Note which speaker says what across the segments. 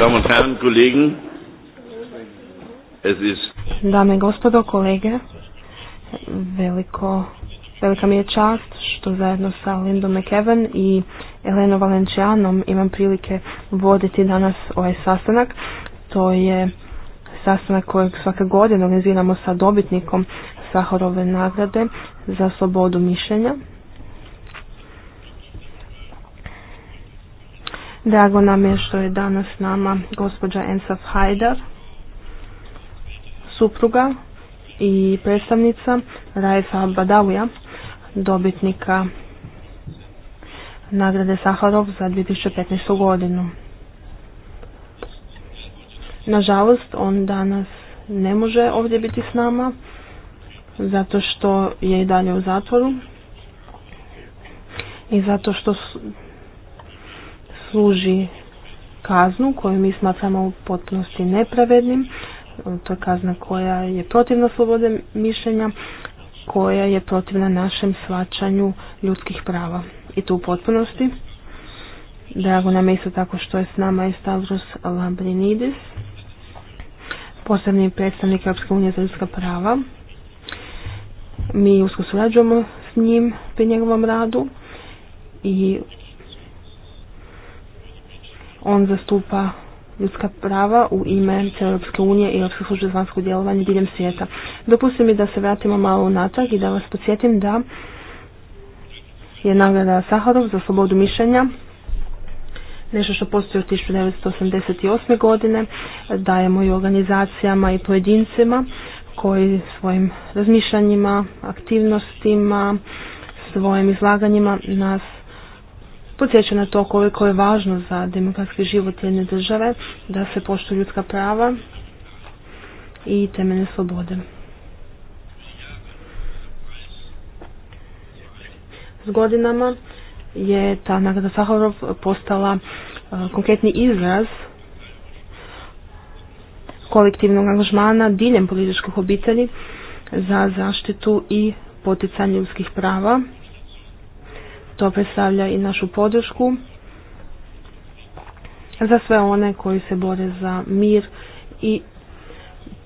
Speaker 1: Damen es Dame i gospodo, kolege, veliko, velika mi je čast što zajedno sa Lindom McEwen i Eleno Valencianom imam prilike voditi danas ovaj sastanak. To je sastanak kojeg svake godine organiziramo sa dobitnikom Saharove nagrade za slobodu mišljenja Drago nam je što je danas s nama gospođa Ensaf Hajdar, supruga i predstavnica Raifa Badavija, dobitnika nagrade Saharov za 2015. godinu. Nažalost, on danas ne može ovdje biti s nama, zato što je i dalje u zatvoru i zato što služi kaznu koju mi smatramo u potpunosti nepravednim, to je kazna koja je protivna slobode mišljenja, koja je protivna našem svačanju ljudskih prava. I to u potpunosti. Drago nam je isto tako što je s nama i Stavros Lambrinidis, posebni predstavnik Europske unije za ljudska prava. Mi usko surađujemo s njim pri njegovom radu i on zastupa ljudska prava u ime Europske unije i Europske službe za vanjsko djelovanje diljem svijeta. Dopustite mi da se vratimo malo unatrag i da vas podsjetim da je nagrada Saharov za slobodu mišljenja nešto što postoji od 1988. godine, dajemo i organizacijama i pojedincima koji svojim razmišljanjima, aktivnostima, svojim izlaganjima nas podsjeća na to koliko je važno za demokratski život jedne države da se poštuju ljudska prava i temeljne slobode. S godinama je ta nagrada Saharov postala e, konkretni izraz kolektivnog angažmana diljem političkih obitelji za zaštitu i poticanje ljudskih prava to predstavlja i našu podršku za sve one koji se bore za mir i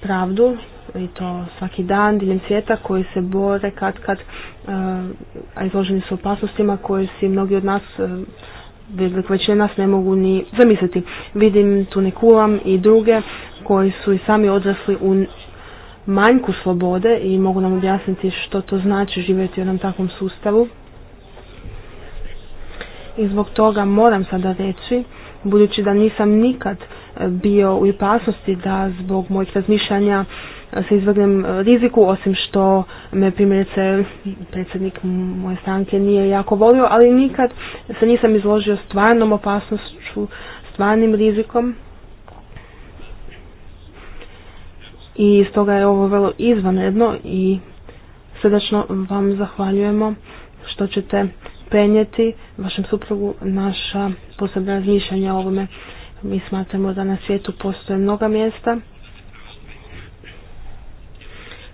Speaker 1: pravdu i to svaki dan diljem svijeta koji se bore kad kad e, a izloženi su opasnostima koje si mnogi od nas bez većina nas ne mogu ni zamisliti. Vidim tu i druge koji su i sami odrasli u manjku slobode i mogu nam objasniti što to znači živjeti u jednom takvom sustavu i zbog toga moram sada reći, budući da nisam nikad e, bio u opasnosti da zbog mojeg razmišljanja e, se izvrgnem e, riziku, osim što me primjerice predsjednik moje stranke nije jako volio, ali nikad se nisam izložio stvarnom opasnošću, stvarnim rizikom. I stoga je ovo vrlo izvanredno i srdačno vam zahvaljujemo što ćete prenijeti vašem suprugu naša posebna razmišljanja o ovome. Mi smatramo da na svijetu postoje mnoga mjesta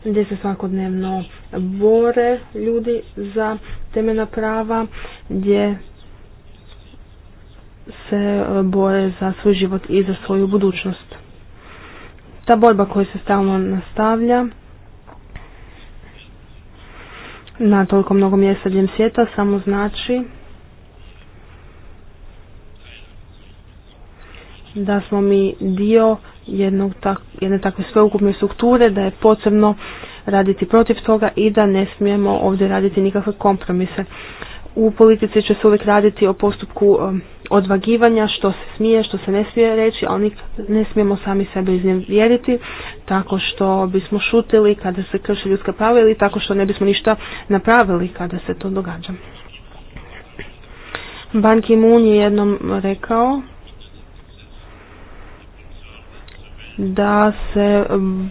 Speaker 1: gdje se svakodnevno bore ljudi za temena prava, gdje se e, bore za svoj život i za svoju budućnost. Ta borba koja se stalno nastavlja na toliko mnogo mjesta diljem svijeta samo znači da smo mi dio jednog tak, jedne takve sveukupne strukture, da je potrebno raditi protiv toga i da ne smijemo ovdje raditi nikakve kompromise. U politici će se uvijek raditi o postupku um, odvagivanja što se smije, što se ne smije reći, ali ne smijemo sami sebe iznevjeriti tako što bismo šutili kada se krše ljudska prava ili tako što ne bismo ništa napravili kada se to događa. Ban Ki-moon je jednom rekao da se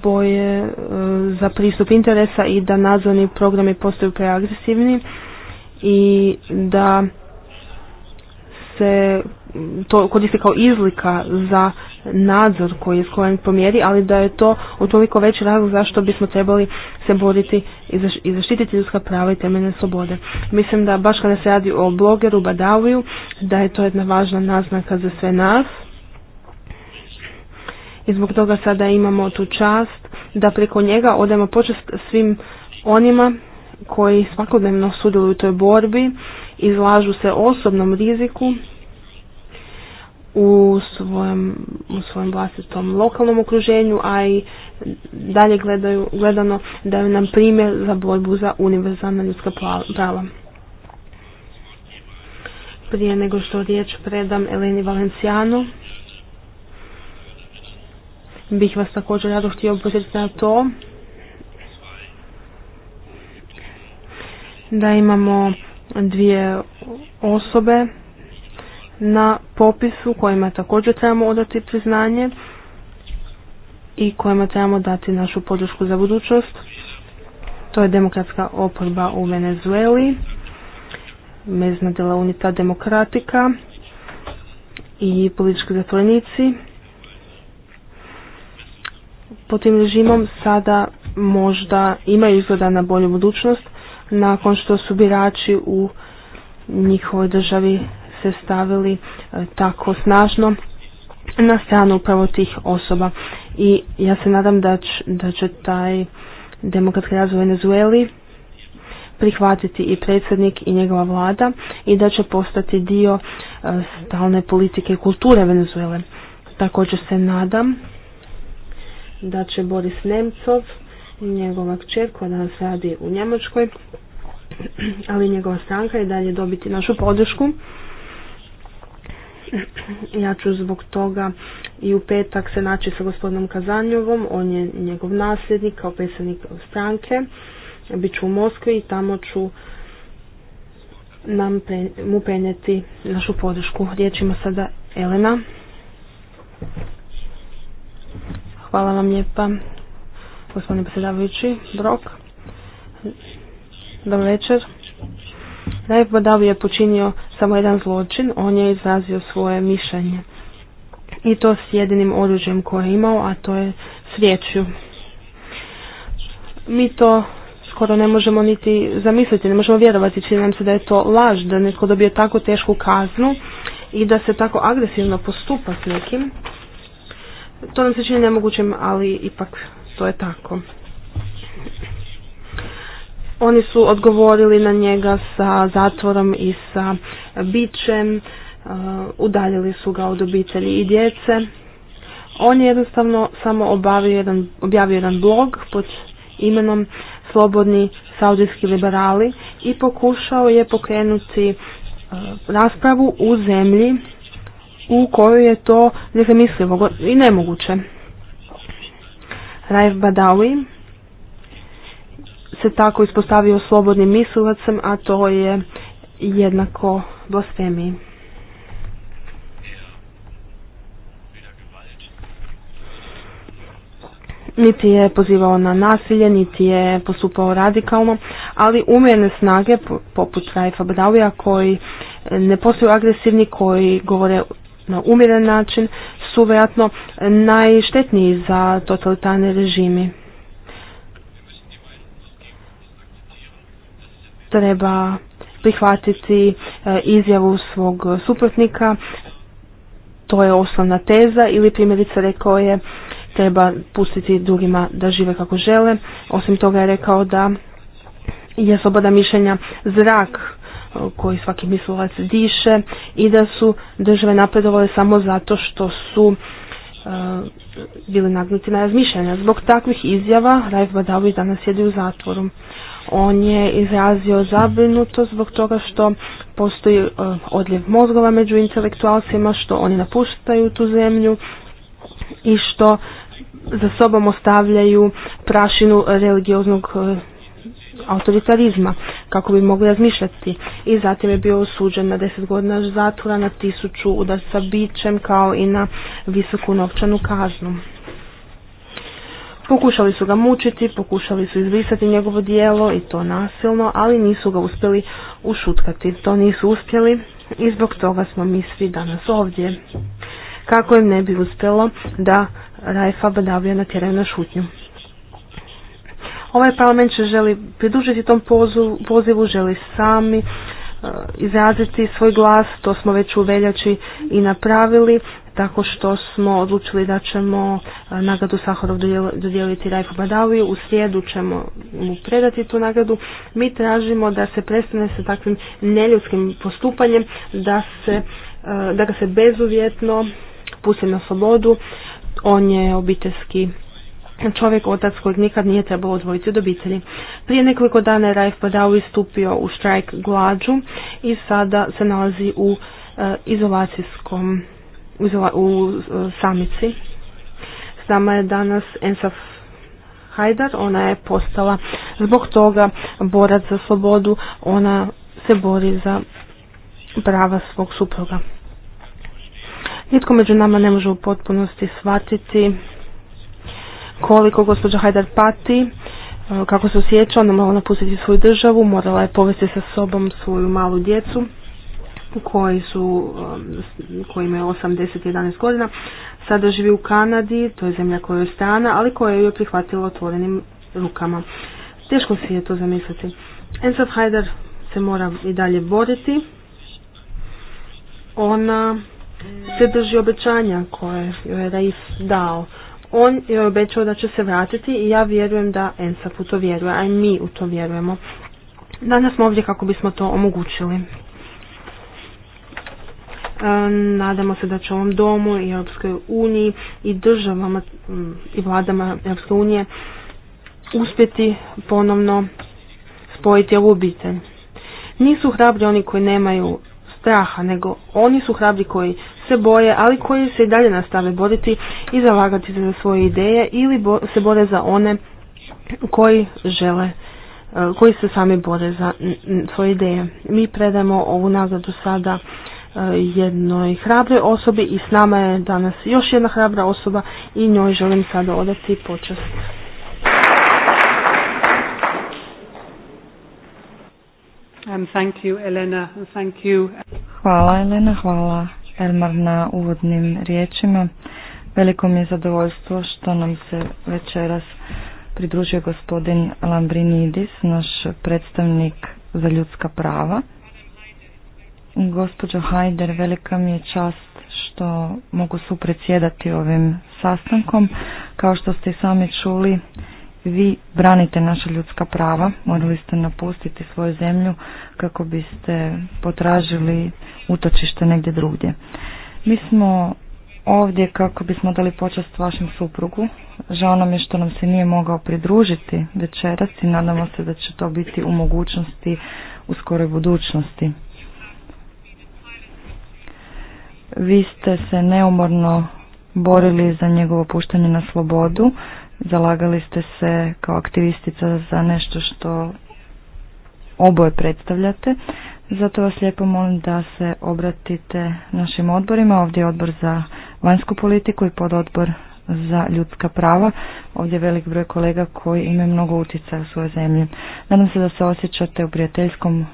Speaker 1: boje e, za pristup interesa i da nadzorni programi postaju preagresivni i da se to koristi kao izlika za nadzor koji je sklonjen po ali da je to utoliko veći razlog zašto bismo trebali se boriti i zaštititi ljudska prava i temeljne slobode. Mislim da baš kada se radi o blogeru Badaviju, da je to jedna važna naznaka za sve nas. I zbog toga sada imamo tu čast da preko njega odemo počest svim onima koji svakodnevno sudjeluju u toj borbi izlažu se osobnom riziku u svojem, u svojem vlastitom lokalnom okruženju, a i dalje gledaju, gledano daju nam primjer za borbu za univerzalna ljudska prava. Prije nego što riječ predam Eleni Valencijanu, bih vas također rado htio posjetiti na to da imamo dvije osobe na popisu kojima također trebamo odati priznanje i kojima trebamo dati našu podršku za budućnost. To je demokratska oporba u Venezueli, mezna dela unita demokratika i politički zatvorenici. Po tim režimom sada možda imaju izgleda na bolju budućnost, nakon što su birači u njihovoj državi se stavili e, tako snažno na stranu upravo tih osoba. I ja se nadam da će, da će taj demokratski razvoj Venezueli prihvatiti i predsjednik i njegova vlada i da će postati dio e, stalne politike i kulture Venezuele. Također se nadam da će Boris Nemcov njegova kćer koja danas radi u Njemačkoj, ali njegova stranka je dalje dobiti našu podršku. Ja ću zbog toga i u petak se naći sa gospodinom Kazanjovom, on je njegov nasljednik kao predsjednik stranke. ću u Moskvi i tamo ću nam mu prenijeti našu podršku. Riječ sada Elena. Hvala vam lijepa gospodine predsjedavajući, Brok. Dobar večer. da Badavi je počinio samo jedan zločin, on je izrazio svoje mišljenje. I to s jedinim oruđem koje je imao, a to je svjeću. Mi to skoro ne možemo niti zamisliti, ne možemo vjerovati, čini nam se da je to laž, da netko dobije tako tešku kaznu i da se tako agresivno postupa s nekim. To nam se čini nemogućim, ali ipak to je tako. Oni su odgovorili na njega sa zatvorom i sa bićem, e, udaljili su ga od obitelji i djece. On je jednostavno samo jedan, objavio jedan blog pod imenom Slobodni saudijski liberali i pokušao je pokrenuti e, raspravu u zemlji u kojoj je to nezamislivo i nemoguće. Raif Badawi se tako ispostavio slobodnim mislilacem, a to je jednako blasfemiji. Niti je pozivao na nasilje, niti je postupao radikalno, ali umjerne snage poput Raifa Badawija koji ne postaju agresivni, koji govore na umjeren način, su vjerojatno najštetniji za totalitarne režimi. Treba prihvatiti e, izjavu svog suprotnika, to je osnovna teza ili primjerice rekao je treba pustiti drugima da žive kako žele. Osim toga je rekao da je sloboda mišljenja zrak koji svaki mislovac diše i da su države napredovale samo zato što su e, bili nagnuti na razmišljanja. Zbog takvih izjava Raif Badawi danas sjedi u zatvoru. On je izrazio zabrinutost zbog toga što postoji e, odljev mozgova među intelektualcima, što oni napuštaju tu zemlju i što za sobom ostavljaju prašinu religioznog e, autoritarizma kako bi mogli razmišljati i zatim je bio osuđen na deset godina zatvora, na tisuću udarca bićem kao i na visoku novčanu kaznu. Pokušali su ga mučiti, pokušali su izbrisati njegovo dijelo i to nasilno, ali nisu ga uspjeli ušutkati. To nisu uspjeli i zbog toga smo mi svi danas ovdje. Kako im ne bi uspjelo da Rajfa Badavlja natjeraju na šutnju. Ovaj parlament će želi pridružiti tom pozivu, želi sami e, izraziti svoj glas, to smo već u veljači i napravili tako što smo odlučili da ćemo e, nagradu Sahorov dodijeliti Rajku Badaviju. U srijedu ćemo mu predati tu nagradu. Mi tražimo da se prestane sa takvim neljudskim postupanjem, da, se, e, da ga se bezuvjetno pusti na slobodu. On je obiteljski čovjek otac kojeg nikad nije trebalo odvojiti od obitelji. Prije nekoliko dana je Raif Badawi stupio u štrajk glađu i sada se nalazi u e, izolacijskom u, u e, samici. S nama je danas Ensaf Hajdar, ona je postala zbog toga borac za slobodu, ona se bori za prava svog supruga. Nitko među nama ne može u potpunosti shvatiti koliko gospođa Hajdar pati, e, kako se osjeća, ona mora napustiti svoju državu, morala je povesti sa sobom svoju malu djecu koji su, um, koji imaju 80-11 godina. Sada živi u Kanadi, to je zemlja koja je strana, ali koja je je prihvatila otvorenim rukama. Teško si je to zamisliti. Ensad Hajdar se mora i dalje boriti. Ona se drži obećanja koje joj je Raif dao on je obećao da će se vratiti i ja vjerujem da Ensaf u to vjeruje, a i mi u to vjerujemo. Danas smo ovdje kako bismo to omogućili. E, nadamo se da će ovom domu i Europskoj uniji i državama i vladama Europske unije uspjeti ponovno spojiti ovu obitelj. Nisu hrabri oni koji nemaju straha, nego oni su hrabri koji se boje, ali koji se i dalje nastave boriti i zalagati se za svoje ideje ili bo se bore za one koji žele e, koji se sami bore za svoje ideje. Mi predamo ovu nagradu sada e, jednoj hrabre osobi i s nama je danas još jedna hrabra osoba i njoj želim sada odati počast. Elena.
Speaker 2: Hvala Elena, hvala Elmar na uvodnim riječima. Veliko mi je zadovoljstvo što nam se večeras pridružio gospodin Lambrinidis, naš predstavnik za ljudska prava. Gospođo Hajder, velika mi je čast što mogu supredsjedati ovim sastankom. Kao što ste i sami čuli, vi branite naša ljudska prava, morali ste napustiti svoju zemlju kako biste potražili utočište negdje drugdje. Mi smo ovdje kako bismo dali počast vašem suprugu. Žao nam je što nam se nije mogao pridružiti večeras i nadamo se da će to biti u mogućnosti u skoroj budućnosti. Vi ste se neumorno borili za njegovo puštanje na slobodu zalagali ste se kao aktivistica za nešto što oboje predstavljate. Zato vas lijepo molim da se obratite našim odborima. Ovdje je odbor za vanjsku politiku i pododbor za ljudska prava. Ovdje je velik broj kolega koji imaju mnogo utjecaja u svojoj zemlji. Nadam se da se osjećate u prijateljskom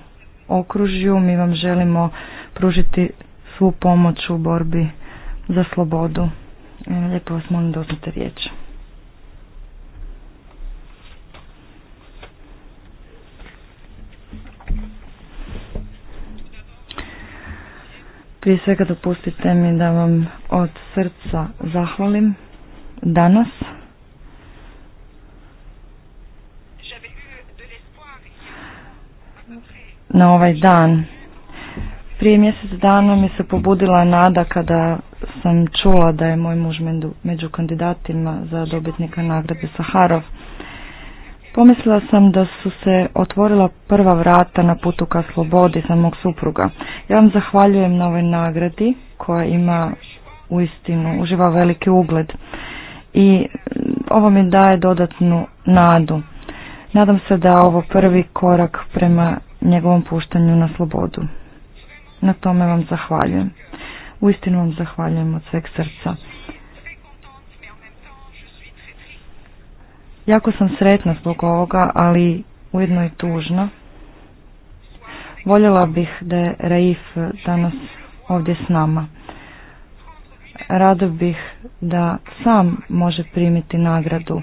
Speaker 2: okružju. Mi vam želimo pružiti svu pomoć u borbi za slobodu. Lijepo vas molim da uzmete riječ. Prije svega dopustite mi da vam od srca zahvalim danas. Na ovaj dan. Prije mjesec dana mi se pobudila nada kada sam čula da je moj muž među kandidatima za dobitnika nagrade Saharov. Pomislila sam da su se otvorila prva vrata na putu ka slobodi za mog supruga. Ja vam zahvaljujem na ovoj nagradi koja ima uistinu, uživa veliki ugled i mm, ovo mi daje dodatnu nadu. Nadam se da je ovo prvi korak prema njegovom puštanju na slobodu. Na tome vam zahvaljujem. Uistinu vam zahvaljujem od sveg srca. Jako sam sretna zbog ovoga, ali ujedno i tužno. Voljela bih da je Raif danas ovdje s nama. Rado bih da sam može primiti nagradu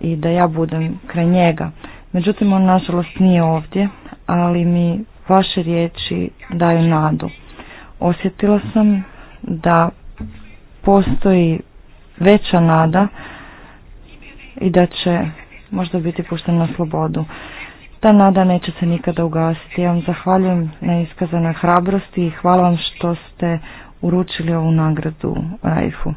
Speaker 2: i da ja budem kraj njega. Međutim, on nažalost nije ovdje, ali mi vaše riječi daju nadu. Osjetila sam da postoji veća nada i da će možda biti pušten na slobodu. Ta nada neće se nikada ugasiti. Ja vam zahvaljujem na iskazanoj hrabrosti i hvala vam što ste uručili ovu nagradu Raifu.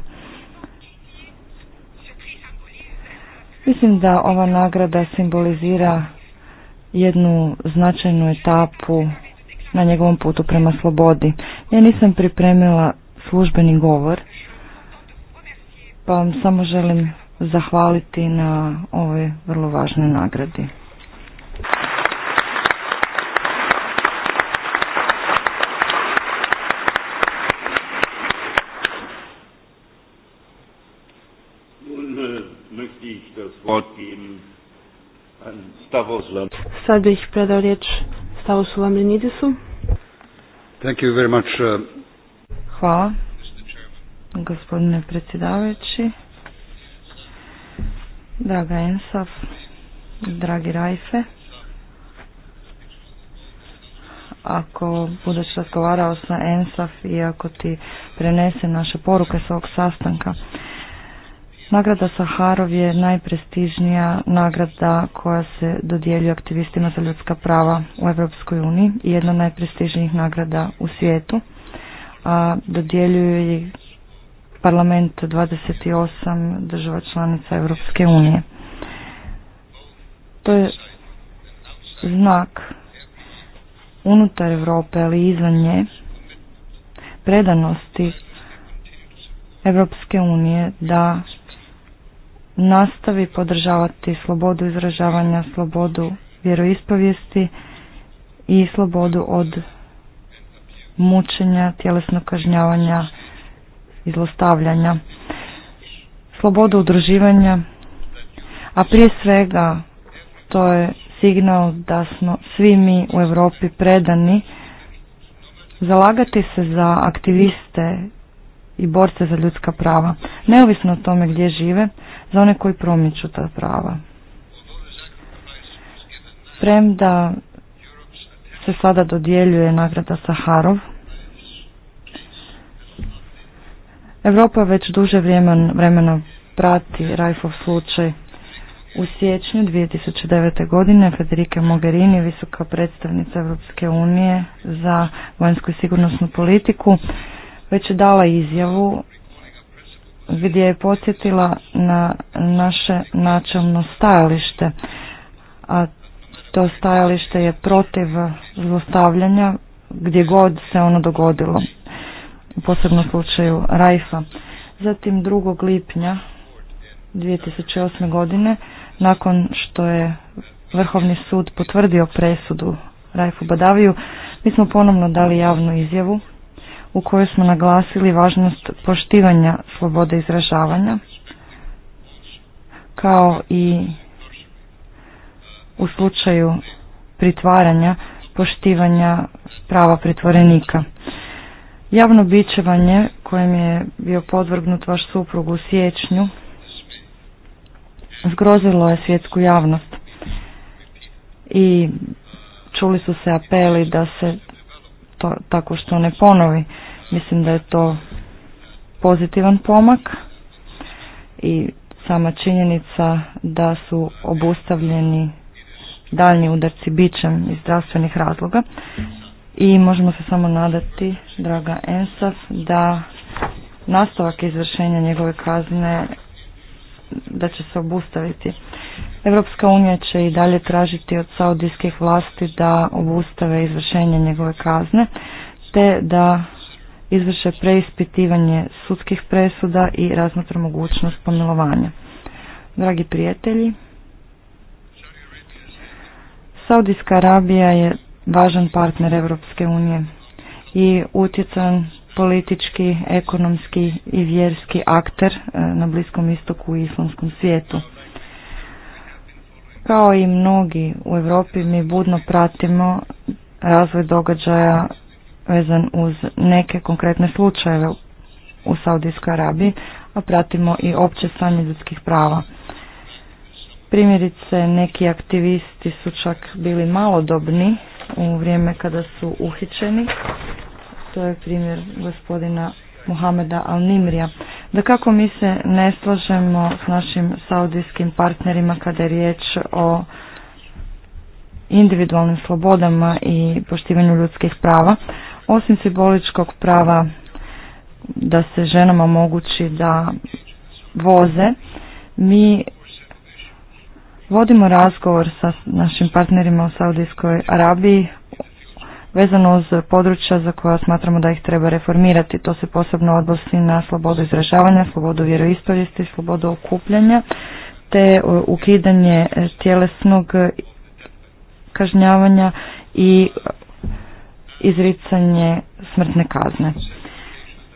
Speaker 2: Mislim da ova nagrada simbolizira jednu značajnu etapu na njegovom putu prema slobodi. Ja nisam pripremila službeni govor, pa vam samo želim zahvaliti na ove vrlo važnoj nagradi.
Speaker 1: Äh, Sad bih predao riječ Stavosu Lamrinidisu. Thank you very much. Uh, Hvala, gospodine predsjedavajući.
Speaker 2: Draga Ensaf, dragi Rajfe, ako budeš razgovarao sa Ensaf i ako ti prenese naše poruke sa ovog sastanka, Nagrada Saharov je najprestižnija nagrada koja se dodjeljuje aktivistima za ljudska prava u Evropskoj uniji i jedna od najprestižnijih nagrada u svijetu. A dodjeljuju ih parlament 28 država članica Europske unije. To je znak unutar Europe, ali izvan nje, predanosti Europske unije da nastavi podržavati slobodu izražavanja, slobodu vjeroispovijesti i slobodu od mučenja, tjelesnog kažnjavanja, i zlostavljanja, slobodu udruživanja, a prije svega to je signal da smo svi mi u Europi predani zalagati se za aktiviste i borce za ljudska prava, neovisno o tome gdje žive, za one koji promiču ta prava. Premda se sada dodjeljuje nagrada Saharov, Europa već duže vremena prati Rajfov slučaj. U siječnju 2009. godine Federike Mogherini, visoka predstavnica Europske unije za vanjsku i sigurnosnu politiku, već je dala izjavu gdje je podsjetila na naše načelno stajalište, a to stajalište je protiv zlostavljanja gdje god se ono dogodilo u posebnom slučaju Rajfa. Zatim 2. lipnja 2008. godine, nakon što je Vrhovni sud potvrdio presudu Rajfu Badaviju, mi smo ponovno dali javnu izjavu u kojoj smo naglasili važnost poštivanja slobode izražavanja kao i u slučaju pritvaranja poštivanja prava pritvorenika. Javno bićevanje kojem je bio podvrgnut vaš suprug u siječnju zgrozilo je svjetsku javnost i čuli su se apeli da se to tako što ne ponovi. Mislim da je to pozitivan pomak i sama činjenica da su obustavljeni daljnji udarci bićem iz zdravstvenih razloga i možemo se samo nadati, draga Ensaf, da nastavak izvršenja njegove kazne da će se obustaviti. Europska unija će i dalje tražiti od saudijskih vlasti da obustave izvršenje njegove kazne te da izvrše preispitivanje sudskih presuda i razmatra mogućnost pomilovanja. Dragi prijatelji, Saudijska Arabija je važan partner Europske unije i utjecan politički, ekonomski i vjerski akter e, na Bliskom istoku i islamskom svijetu. Kao i mnogi u Europi mi budno pratimo razvoj događaja vezan uz neke konkretne slučajeve u Saudijskoj Arabiji, a pratimo i opće stanje ljudskih prava. Primjerice, neki aktivisti su čak bili malodobni u vrijeme kada su uhićeni. To je primjer gospodina Muhameda Al-Nimrija. Da kako mi se ne slažemo s našim saudijskim partnerima kada je riječ o individualnim slobodama i poštivanju ljudskih prava, osim simboličkog prava da se ženama mogući da voze, mi Vodimo razgovor sa našim partnerima u Saudijskoj Arabiji vezano uz područja za koja smatramo da ih treba reformirati. To se posebno odnosi na slobodu izražavanja, slobodu vjeroispovijesti, slobodu okupljanja, te ukidanje e, tjelesnog kažnjavanja i izricanje smrtne kazne.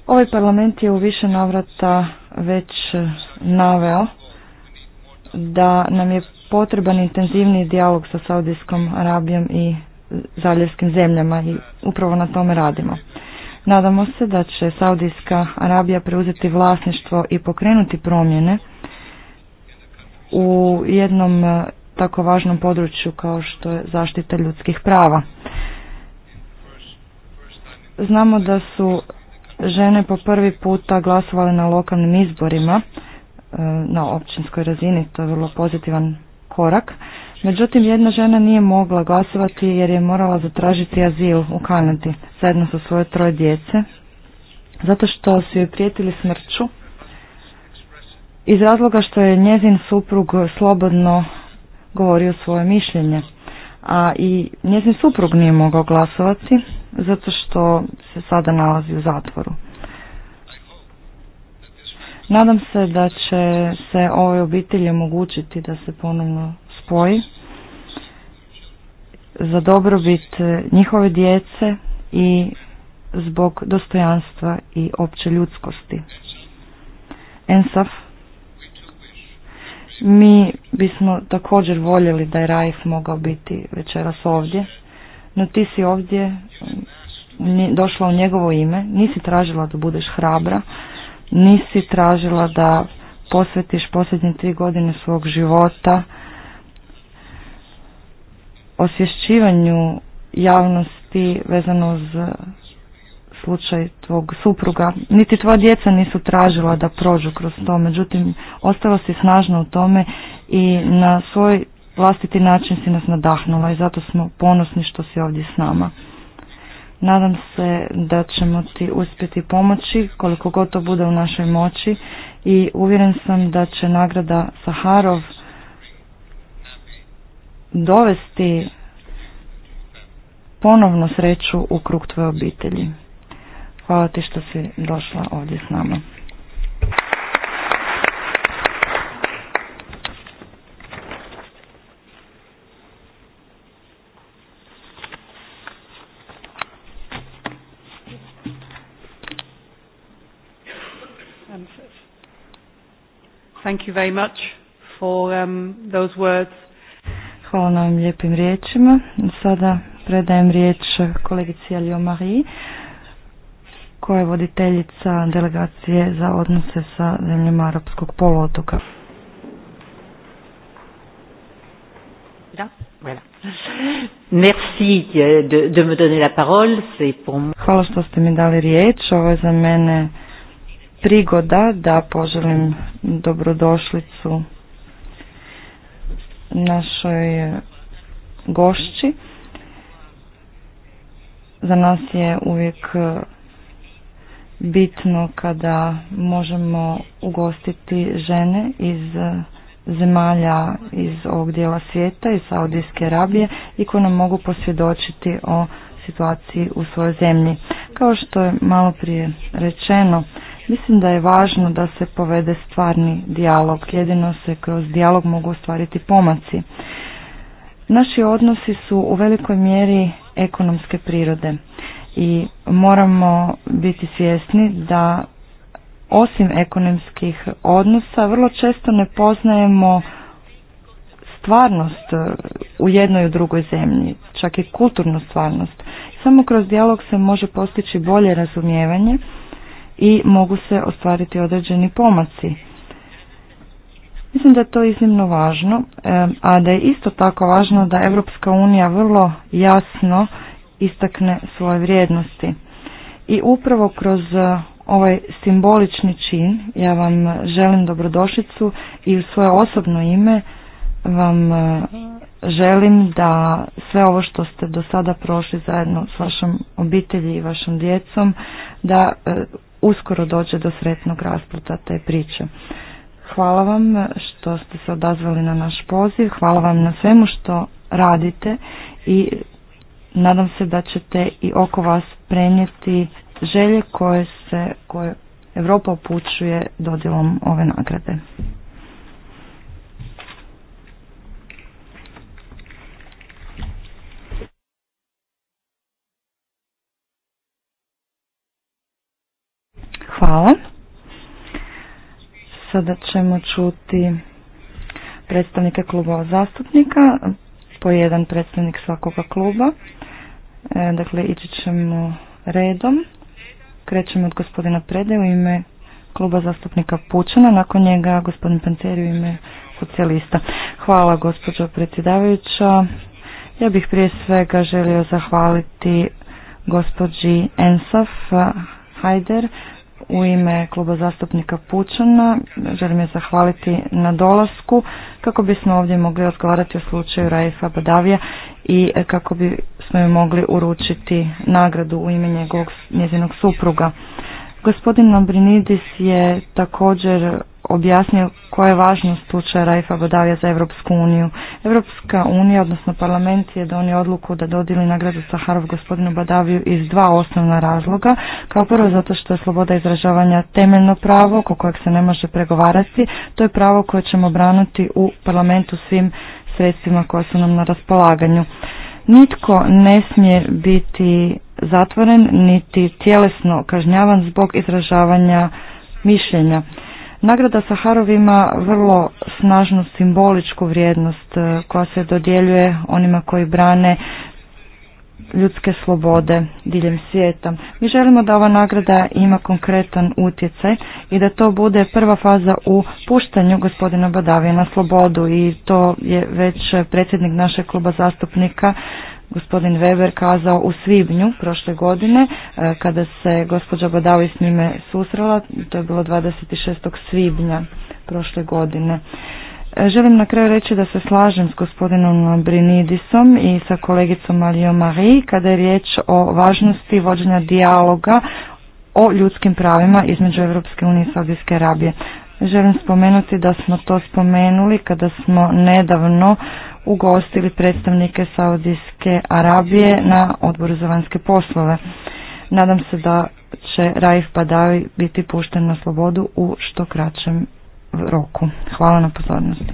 Speaker 2: Ovaj parlament je u više navrata već e, naveo da nam je potreban intenzivni dijalog sa Saudijskom Arabijom i zaljevskim zemljama i upravo na tome radimo. Nadamo se da će Saudijska Arabija preuzeti vlasništvo i pokrenuti promjene u jednom e, tako važnom području kao što je zaštita ljudskih prava. Znamo da su žene po prvi puta glasovale na lokalnim izborima e, na općinskoj razini, to je vrlo pozitivan korak. Međutim, jedna žena nije mogla glasovati jer je morala zatražiti azil u Kanadi zajedno sa svoje troje djece, zato što su joj prijetili smrću iz razloga što je njezin suprug slobodno govorio svoje mišljenje. A i njezin suprug nije mogao glasovati zato što se sada nalazi u zatvoru. Nadam se da će se ovoj obitelji omogućiti da se ponovno spoji za dobrobit e, njihove djece i zbog dostojanstva i opće ljudskosti. Ensaf, mi bismo također voljeli da je Raif mogao biti večeras ovdje, no ti si ovdje došla u njegovo ime, nisi tražila da budeš hrabra, nisi tražila da posvetiš posljednje tri godine svog života osvješćivanju javnosti vezano uz slučaj tvog supruga. Niti tvoja djeca nisu tražila da prođu kroz to, međutim, ostala si snažna u tome i na svoj vlastiti način si nas nadahnula i zato smo ponosni što si ovdje s nama. Nadam se da ćemo ti uspjeti pomoći koliko god to bude u našoj moći i uvjeren sam da će nagrada Saharov dovesti ponovno sreću u krug tvoje obitelji. Hvala ti što si došla ovdje s nama.
Speaker 1: Thank you very much for um, those words.
Speaker 2: Hvala na lijepim riječima. Sada predajem riječ kolegici Alio Marie, koja je voditeljica delegacije za odnose sa zemljama Arapskog poluotoka.
Speaker 1: Da, voilà.
Speaker 3: Merci eh, de, parole, c'est pour
Speaker 2: Hvala što ste mi dali riječ, ovo je za mene prigoda da poželim dobrodošlicu našoj gošći. Za nas je uvijek bitno kada možemo ugostiti žene iz zemalja iz ovog dijela svijeta, iz Saudijske Arabije i koje nam mogu posvjedočiti o situaciji u svojoj zemlji. Kao što je malo prije rečeno, Mislim da je važno da se povede stvarni dijalog. Jedino se kroz dijalog mogu ostvariti pomaci. Naši odnosi su u velikoj mjeri ekonomske prirode i moramo biti svjesni da osim ekonomskih odnosa vrlo često ne poznajemo stvarnost u jednoj i u drugoj zemlji, čak i kulturnu stvarnost. Samo kroz dijalog se može postići bolje razumijevanje i mogu se ostvariti određeni pomaci. Mislim da je to iznimno važno, a da je isto tako važno da Europska unija vrlo jasno istakne svoje vrijednosti. I upravo kroz e, ovaj simbolični čin ja vam želim dobrodošlicu i u svoje osobno ime vam e, želim da sve ovo što ste do sada prošli zajedno s vašom obitelji i vašom djecom da e, uskoro dođe do sretnog rasputa te priče. Hvala vam što ste se odazvali na naš poziv, hvala vam na svemu što radite i nadam se da ćete i oko vas prenijeti želje koje se koje Europa upućuje dodjelom ove nagrade. Hvala. Sada ćemo čuti predstavnike klubova zastupnika, po jedan predstavnik svakoga kluba. E, dakle, ići ćemo redom. Krećemo od gospodina Prede u ime kluba zastupnika Pučana, nakon njega gospodin Panceri u ime socijalista. Hvala gospođo predsjedavajuća. Ja bih prije svega želio zahvaliti gospođi Ensaf Hajder u ime kluba zastupnika Pučana. Želim je zahvaliti na dolasku kako bismo ovdje mogli razgovarati o slučaju Raifa Badavija i kako bismo joj mogli uručiti nagradu u ime njegovog, njezinog supruga. Gospodin Lambrinidis je također objasnio koja je važnost slučaja Raifa Badavija za Europsku uniju. Europska unija, odnosno parlament, je donio odluku da dodili nagradu Saharov gospodinu Badaviju iz dva osnovna razloga. Kao prvo zato što je sloboda izražavanja temeljno pravo oko kojeg se ne može pregovarati. To je pravo koje ćemo branuti u parlamentu svim sredstvima koja su nam na raspolaganju. Nitko ne smije biti zatvoren niti tjelesno kažnjavan zbog izražavanja mišljenja. Nagrada Saharov ima vrlo snažnu simboličku vrijednost eh, koja se dodjeljuje onima koji brane ljudske slobode diljem svijeta. Mi želimo da ova nagrada ima konkretan utjecaj i da to bude prva faza u puštanju gospodina Badavija na slobodu i to je već predsjednik našeg kluba zastupnika gospodin Weber kazao u svibnju prošle godine e, kada se gospođa Badavi s njime susrela, to je bilo 26. svibnja prošle godine. Želim na kraju reći da se slažem s gospodinom Brinidisom i sa kolegicom Alio Marie kada je riječ o važnosti vođenja dijaloga o ljudskim pravima između Europske unije i Saudijske Arabije. Želim spomenuti da smo to spomenuli kada smo nedavno ugostili predstavnike Saudijske Arabije na odboru za vanjske poslove. Nadam se da će Raif Badavi biti pušten na slobodu u što kraćem roku. Hvala na pozornosti.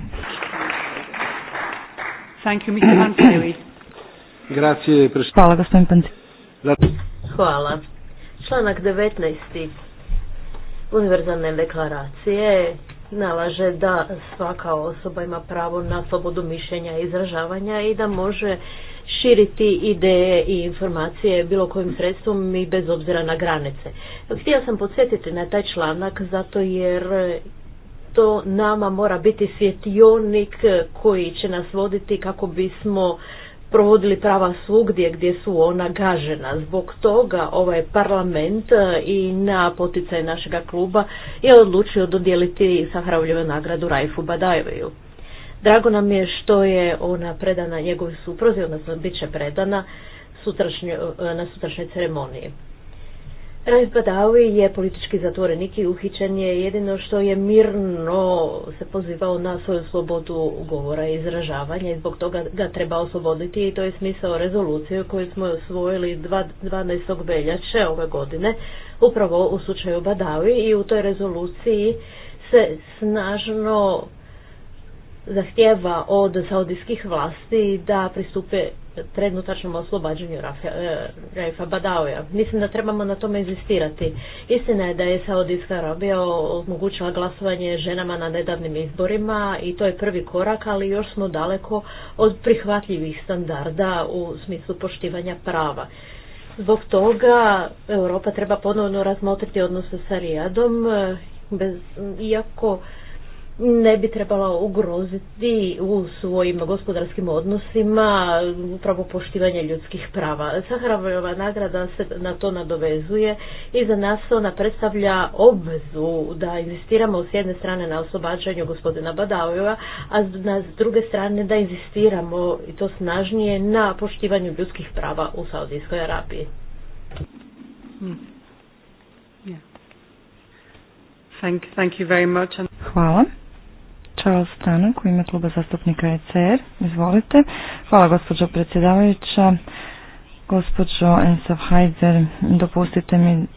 Speaker 3: Thank you,
Speaker 1: Grazie,
Speaker 2: Hvala,
Speaker 3: Hvala. Članak 19. Univerzalne deklaracije nalaže da svaka osoba ima pravo na slobodu mišljenja i izražavanja i da može širiti ideje i informacije bilo kojim sredstvom i bez obzira na granice. Htio sam podsjetiti na taj članak zato jer to nama mora biti svjetionik koji će nas voditi kako bismo provodili prava svugdje gdje su ona gažena. Zbog toga ovaj parlament e, i na poticaj našega kluba je odlučio dodijeliti Saharovljevu nagradu Rajfu Badajeviju. Drago nam je što je ona predana njegovoj supruzi, odnosno bit će predana e, na sutrašnjoj ceremoniji. Raif Badawi je politički zatvorenik i uhićen je jedino što je mirno se pozivao na svoju slobodu govora i izražavanja i zbog toga ga treba osloboditi i to je smisao rezolucije koju smo osvojili 12. veljače ove godine upravo u slučaju Badawi i u toj rezoluciji se snažno zahtjeva od saudijskih vlasti da pristupe trenutačnom oslobađanju e, Raifa Badaoja. Mislim da trebamo na tome inzistirati. Istina je da je Saudijska Arabija omogućila glasovanje ženama na nedavnim izborima i to je prvi korak, ali još smo daleko od prihvatljivih standarda u smislu poštivanja prava. Zbog toga Europa treba ponovno razmotriti odnose sa Rijadom, e, bez, iako ne bi trebala ugroziti u svojim gospodarskim odnosima upravo poštivanje ljudskih prava. Saharova nagrada se na to nadovezuje i za nas ona predstavlja obvezu da insistiramo s jedne strane na oslobađanju gospodina Badavova, a s druge strane da insistiramo i to snažnije na poštivanju ljudskih prava u Saudijskoj Arabiji. Hmm.
Speaker 1: thank you very much.
Speaker 2: Hvala. Charles Tanuk u ime kluba zastupnika ECR. Izvolite. Hvala gospođo predsjedavajuća. Gospođo Ensav Hajzer, dopustite mi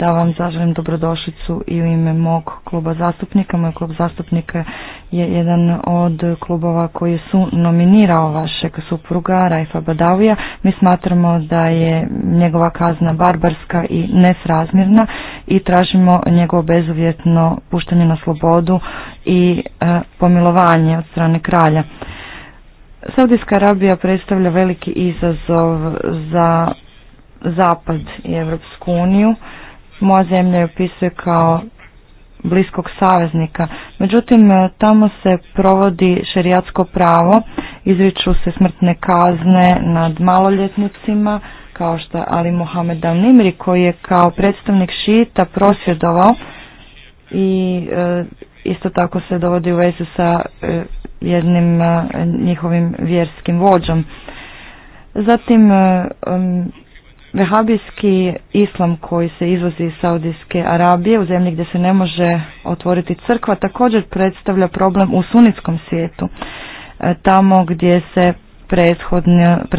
Speaker 2: da vam zaželim dobrodošlicu i u ime mog kluba zastupnika. Moj klub zastupnika je jedan od klubova koji su nominirao vašeg supruga Rajfa Badavija. Mi smatramo da je njegova kazna barbarska i nesrazmjerna i tražimo njegovo bezuvjetno puštanje na slobodu i e, pomilovanje od strane kralja. Saudijska Arabija predstavlja veliki izazov za Zapad i Evropsku uniju moja zemlja opisuje kao bliskog saveznika. Međutim, e, tamo se provodi šerijatsko pravo, izriču se smrtne kazne nad maloljetnicima, kao što Ali Mohamed Al-Nimri, koji je kao predstavnik šita prosvjedovao i e, isto tako se dovodi u vezu sa e, jednim njihovim vjerskim vođom. Zatim, Vehabijski islam koji se izvozi iz Saudijske Arabije u zemlji gdje se ne može otvoriti crkva također predstavlja problem u sunitskom svijetu, e, tamo gdje se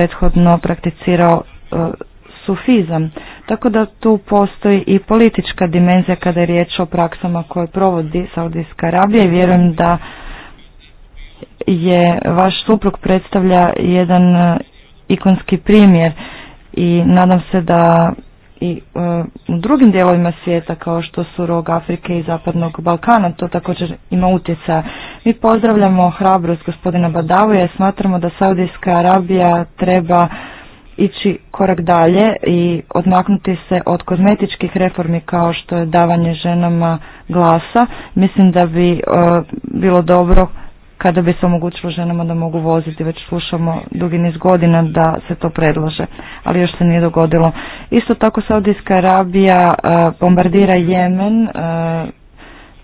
Speaker 2: prethodno, prakticirao e, sufizam. Tako da tu postoji i politička dimenzija kada je riječ o praksama koje provodi Saudijska Arabija i vjerujem da je vaš suprug predstavlja jedan e, ikonski primjer i nadam se da i e, u drugim dijelovima svijeta kao što su rog Afrike i zapadnog Balkana to također ima utjecaja. Mi pozdravljamo hrabrost gospodina Badavija i smatramo da Saudijska Arabija treba ići korak dalje i odmaknuti se od kozmetičkih reformi kao što je davanje ženama glasa. Mislim da bi e, bilo dobro kada bi se omogućilo ženama da mogu voziti, već slušamo dugi niz godina da se to predlože, ali još se nije dogodilo. Isto tako Saudijska Arabija e, bombardira Jemen e,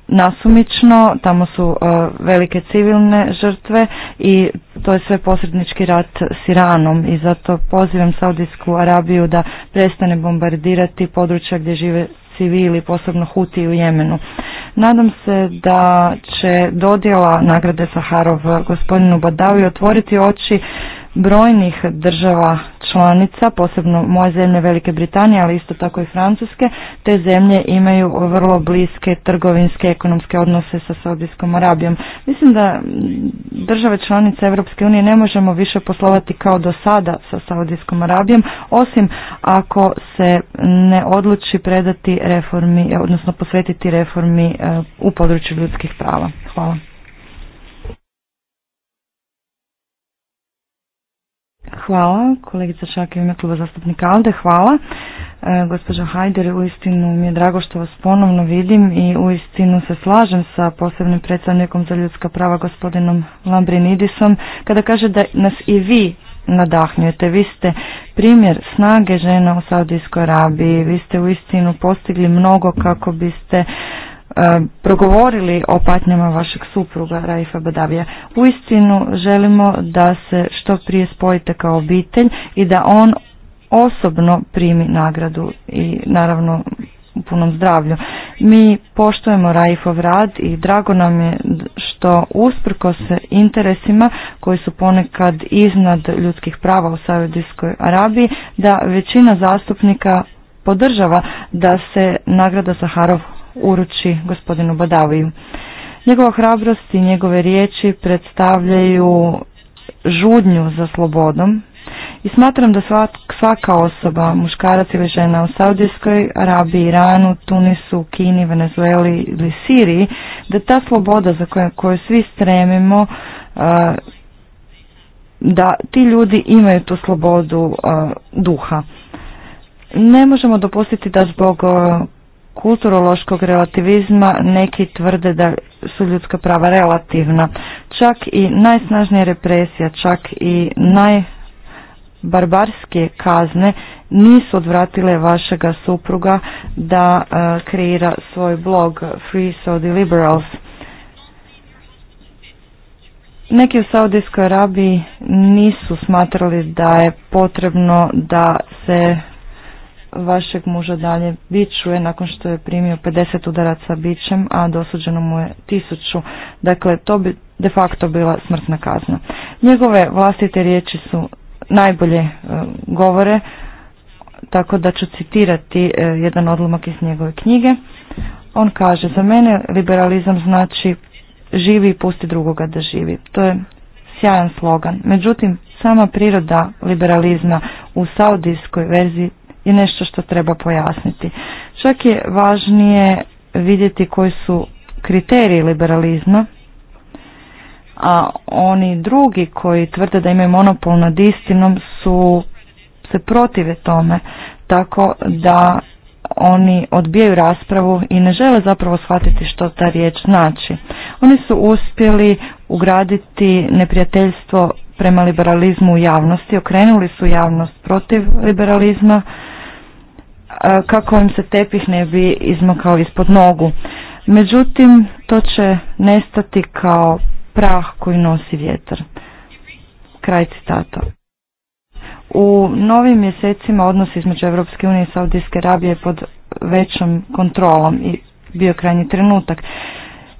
Speaker 2: nasumično, tamo su e, velike civilne žrtve i to je sve posrednički rat s Iranom i zato pozivam Saudijsku Arabiju da prestane bombardirati područja gdje žive civili, posebno Huti u Jemenu. Nadam se da će dodjela nagrade Saharov gospodinu Badavi otvoriti oči brojnih država članica, posebno moje zemlje Velike Britanije, ali isto tako i Francuske, te zemlje imaju vrlo bliske trgovinske ekonomske odnose sa Saudijskom Arabijom. Mislim da države članice Europske unije ne možemo više poslovati kao do sada sa Saudijskom Arabijom, osim ako se ne odluči predati reformi, odnosno posvetiti reformi eh, u području ljudskih prava. Hvala. Hvala, kolegica Šake u ime kluba zastupnika Alde, hvala. E, gospođo Hajder, uistinu mi je drago što vas ponovno vidim i uistinu se slažem sa posebnim predstavnikom za ljudska prava gospodinom Lambrinidisom kada kaže da nas i vi nadahnjujete. Vi ste primjer snage žena u Saudijskoj Arabiji, vi ste uistinu postigli mnogo kako biste E, progovorili o patnjama vašeg supruga Raifa Badavija. Uistinu želimo da se što prije spojite kao obitelj i da on osobno primi nagradu i naravno u punom zdravlju. Mi poštujemo Raifov rad i drago nam je što usprko se interesima koji su ponekad iznad ljudskih prava u Saudijskoj Arabiji, da većina zastupnika podržava da se nagrada Saharov uruči gospodinu Badaviju. Njegova hrabrost i njegove riječi predstavljaju žudnju za slobodom i smatram da svaka osoba, muškarac ili žena u Saudijskoj Arabiji, Iranu, Tunisu, Kini, Venezueli ili Siriji, da ta sloboda za koju, koju svi stremimo, uh, da ti ljudi imaju tu slobodu uh, duha. Ne možemo dopustiti da zbog uh, kulturološkog relativizma neki tvrde da su ljudska prava relativna. Čak i najsnažnija represija, čak i najbarbarske kazne nisu odvratile vašega supruga da e, kreira svoj blog Free Saudi Liberals. Neki u Saudijskoj Arabiji nisu smatrali da je potrebno da se vašeg muža dalje bičuje nakon što je primio 50 udaraca bićem, a dosuđeno mu je tisuću. Dakle, to bi de facto bila smrtna kazna. Njegove vlastite riječi su najbolje e, govore, tako da ću citirati e, jedan odlomak iz njegove knjige. On kaže, za mene liberalizam znači živi i pusti drugoga da živi. To je sjajan slogan. Međutim, sama priroda liberalizma u saudijskoj verziji i nešto što treba pojasniti. Čak je važnije vidjeti koji su kriteriji liberalizma, a oni drugi koji tvrde da imaju monopol nad istinom su se protive tome, tako da oni odbijaju raspravu i ne žele zapravo shvatiti što ta riječ znači. Oni su uspjeli ugraditi neprijateljstvo prema liberalizmu u javnosti, okrenuli su javnost protiv liberalizma kako im se tepih ne bi izmakao ispod nogu. Međutim, to će nestati kao prah koji nosi vjetar. Kraj citata. U novim mjesecima odnos između Europske unije i Saudijske Arabije pod većom kontrolom i bio krajnji trenutak.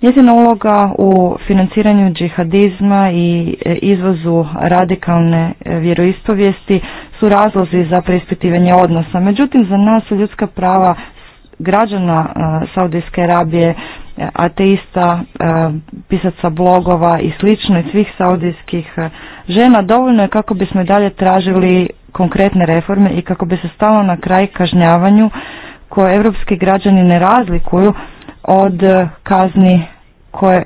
Speaker 2: Njezina uloga u financiranju džihadizma i e, izvozu radikalne e, vjeroispovijesti su razlozi za preispitivanje odnosa. Međutim, za nas ljudska prava građana e, Saudijske Arabije, e, ateista, e, pisaca blogova i slično i svih saudijskih žena dovoljno je kako bismo i dalje tražili konkretne reforme i kako bi se stalo na kraj kažnjavanju koje evropski građani ne razlikuju od kazni koje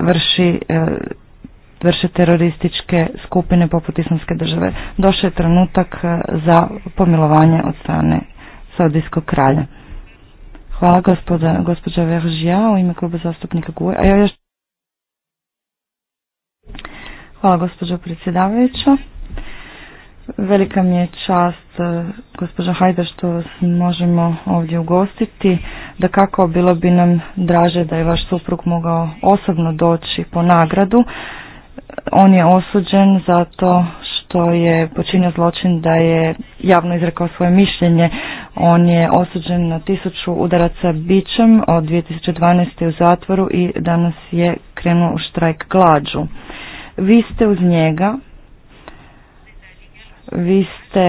Speaker 2: vrši vrše terorističke skupine poput islamske države. Došao je trenutak e, za pomilovanje od strane Saudijskog kralja. Hvala gospoda, gospođa Veržija u ime kluba zastupnika GUE. A ja još... Hvala gospođo predsjedavajuća. Velika mi je čast e, gospođa Hajda što možemo ovdje ugostiti. Da kako bilo bi nam draže da je vaš suprug mogao osobno doći po nagradu, on je osuđen zato što je počinio zločin da je javno izrekao svoje mišljenje. On je osuđen na tisuću udaraca bićem od 2012. u zatvoru i danas je krenuo u štrajk glađu. Vi ste uz njega, vi ste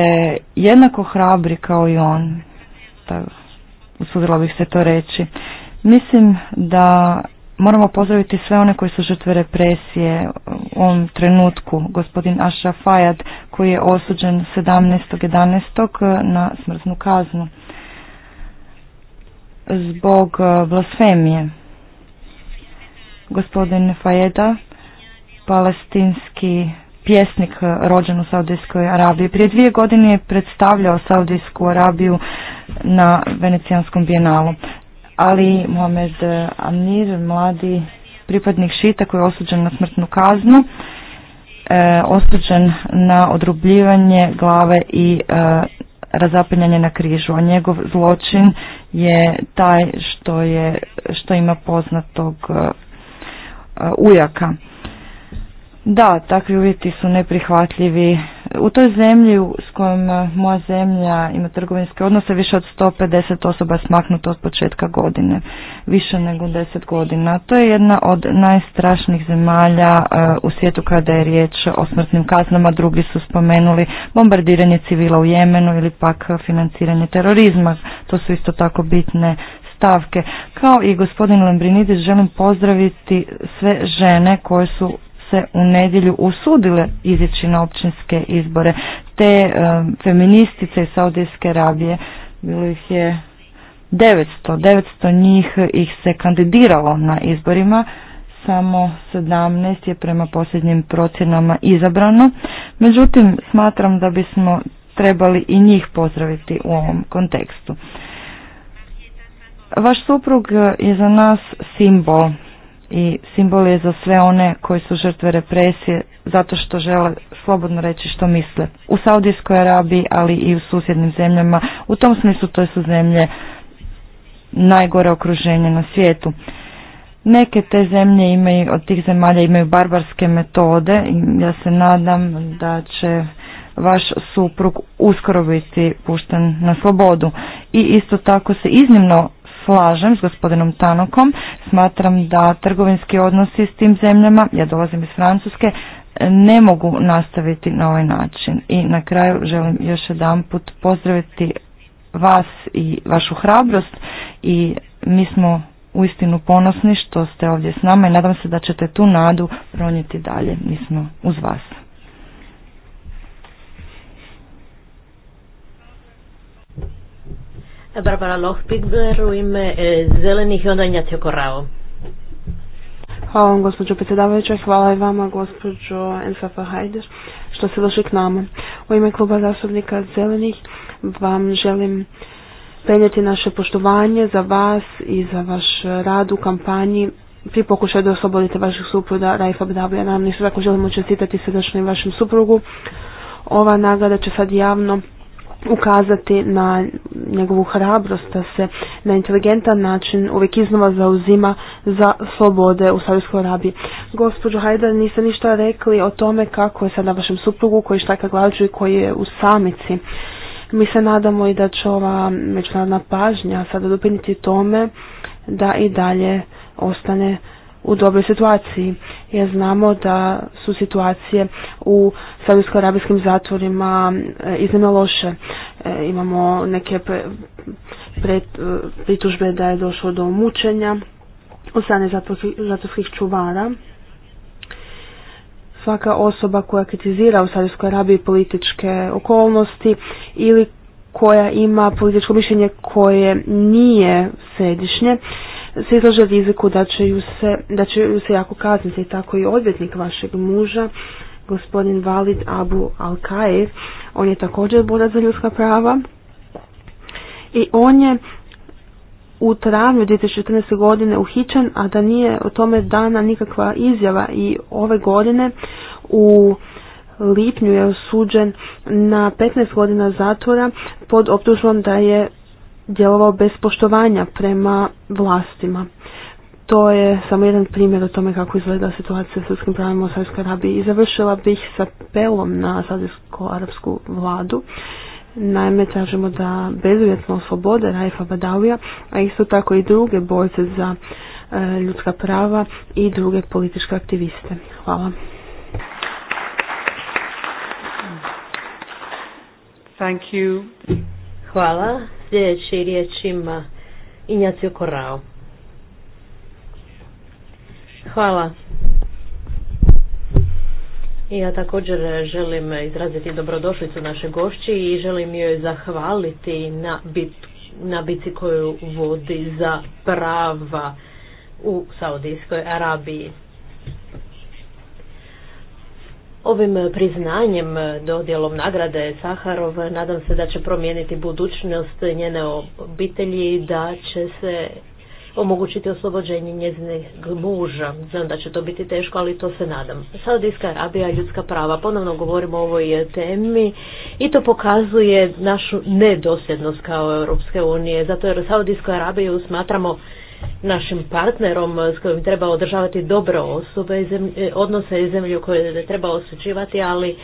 Speaker 2: jednako hrabri kao i on, pa, usudila bih se to reći. Mislim da Moramo pozdraviti sve one koji su žrtve represije u ovom trenutku. Gospodin Aša Fajad koji je osuđen 17.11. na smrznu kaznu zbog e, blasfemije. Gospodin Fajeda, palestinski pjesnik e, rođen u Saudijskoj Arabiji. Prije dvije godine je predstavljao Saudijsku Arabiju na Venecijanskom bijenalu. Ali Mohamed eh, Amir, mladi pripadnik Šita koji je osuđen na smrtnu kaznu, eh, osuđen na odrubljivanje glave i e, eh, razapinjanje na križu, a njegov zločin je taj što, je, što ima poznatog ujaka. Da, takvi uvjeti su neprihvatljivi. U toj zemlji s kojom eh, moja zemlja ima trgovinske odnose više od 150 osoba smaknuto od početka godine, više nego 10 godina. To je jedna od najstrašnijih zemalja eh, u svijetu kada je riječ o smrtnim kaznama. Drugi su spomenuli bombardiranje civila u Jemenu ili pak financiranje terorizma. To su isto tako bitne stavke. Kao i gospodin Lambrinidis želim pozdraviti sve žene koje su u nedjelju usudile izići na općinske izbore. Te eh, feministice iz Saudijske Arabije, bilo ih je 900, 900 njih ih se kandidiralo na izborima, samo 17 je prema posljednjim procjenama izabrano. Međutim, smatram da bismo trebali i njih pozdraviti u ovom kontekstu. Vaš suprug je za nas simbol i simbol je za sve one koji su žrtve represije zato što žele slobodno reći što misle. U Saudijskoj Arabiji, ali i u susjednim zemljama, u tom smislu to su zemlje najgore okruženje na svijetu. Neke te zemlje imaju, od tih zemalja imaju barbarske metode i ja se nadam da će vaš suprug uskoro biti pušten na slobodu. I isto tako se iznimno slažem s gospodinom Tanokom. Smatram da trgovinski odnosi s tim zemljama, ja dolazim iz Francuske, ne mogu nastaviti na ovaj način. I na kraju želim još jedan put pozdraviti vas i vašu hrabrost i mi smo uistinu ponosni što ste ovdje s nama i nadam se da ćete tu nadu pronijeti dalje. Mi smo uz vas.
Speaker 3: Barbara Lohpigler u ime e, Zelenih i onda Njacio Korao.
Speaker 1: Hvala vam gospođo predsjedavajuća, hvala i vama gospođo Ensafa Hajder što ste došli k nama. U ime kluba zastupnika Zelenih vam želim prenijeti naše poštovanje za vas i za vaš rad u kampanji pri pokušaju da oslobodite vaših supruga Rajfa Bdavlja. Naravno isto tako želimo čestitati srdačno i vašem suprugu. Ova nagrada će sad javno ukazati na njegovu hrabrost da se na inteligentan način uvijek iznova zauzima za slobode u Savjetskoj Arabiji. Gospođo Hajdar, niste ništa rekli o tome kako je sada vašem suprugu koji štaka glađu i koji je u samici. Mi se nadamo i da će ova međunarodna pažnja sada doprinijeti tome da i dalje ostane u dobroj situaciji. Jer znamo da su situacije u saudijsko-arabijskim zatvorima e, iznimno loše. E, imamo neke e, pritužbe da je došlo do mučenja od strane zatvorskih čuvara. Svaka osoba koja kritizira u Saudijskoj Arabiji političke okolnosti ili koja ima političko mišljenje koje nije središnje se izlaže riziku da će ju se, da će se jako kazniti. Tako i odvjetnik vašeg muža, gospodin Valid Abu al kaif on je također borac za ljudska prava i on je u travnju 2014. godine uhićen, a da nije o tome dana nikakva izjava i ove godine u lipnju je osuđen na 15 godina zatvora pod optužbom da je djelovao bez poštovanja prema vlastima. To je samo jedan primjer o tome kako izgleda situacija s ljudskim pravima u Saudijskoj Arabiji. I završila bih sa apelom na Saudijsko-arapsku vladu. Naime, tražimo da bezuvjetno oslobode Raifa Badawija, a isto tako i druge borce za e, ljudska prava i druge političke aktiviste. Hvala.
Speaker 3: Thank you. Hvala. Sljedeći riječ ima Injacio Korao. Hvala. Ja također želim izraziti dobrodošlicu naše gošći i želim joj zahvaliti na, bit, na bici koju vodi za prava u Saudijskoj Arabiji. Ovim priznanjem, e, dodjelom nagrade Saharov, nadam se da će promijeniti budućnost njene obitelji, da će se omogućiti oslobođenje njezinih muža. Znam da će to biti teško, ali to se nadam. Saudijska Arabija, ljudska prava, ponovno govorimo o ovoj temi i to pokazuje našu nedosljednost kao Europske unije, zato jer Saudijsku Arabiju smatramo našim partnerom s kojim treba održavati dobre osobe, e, odnose i zemlju koje treba osjećivati, ali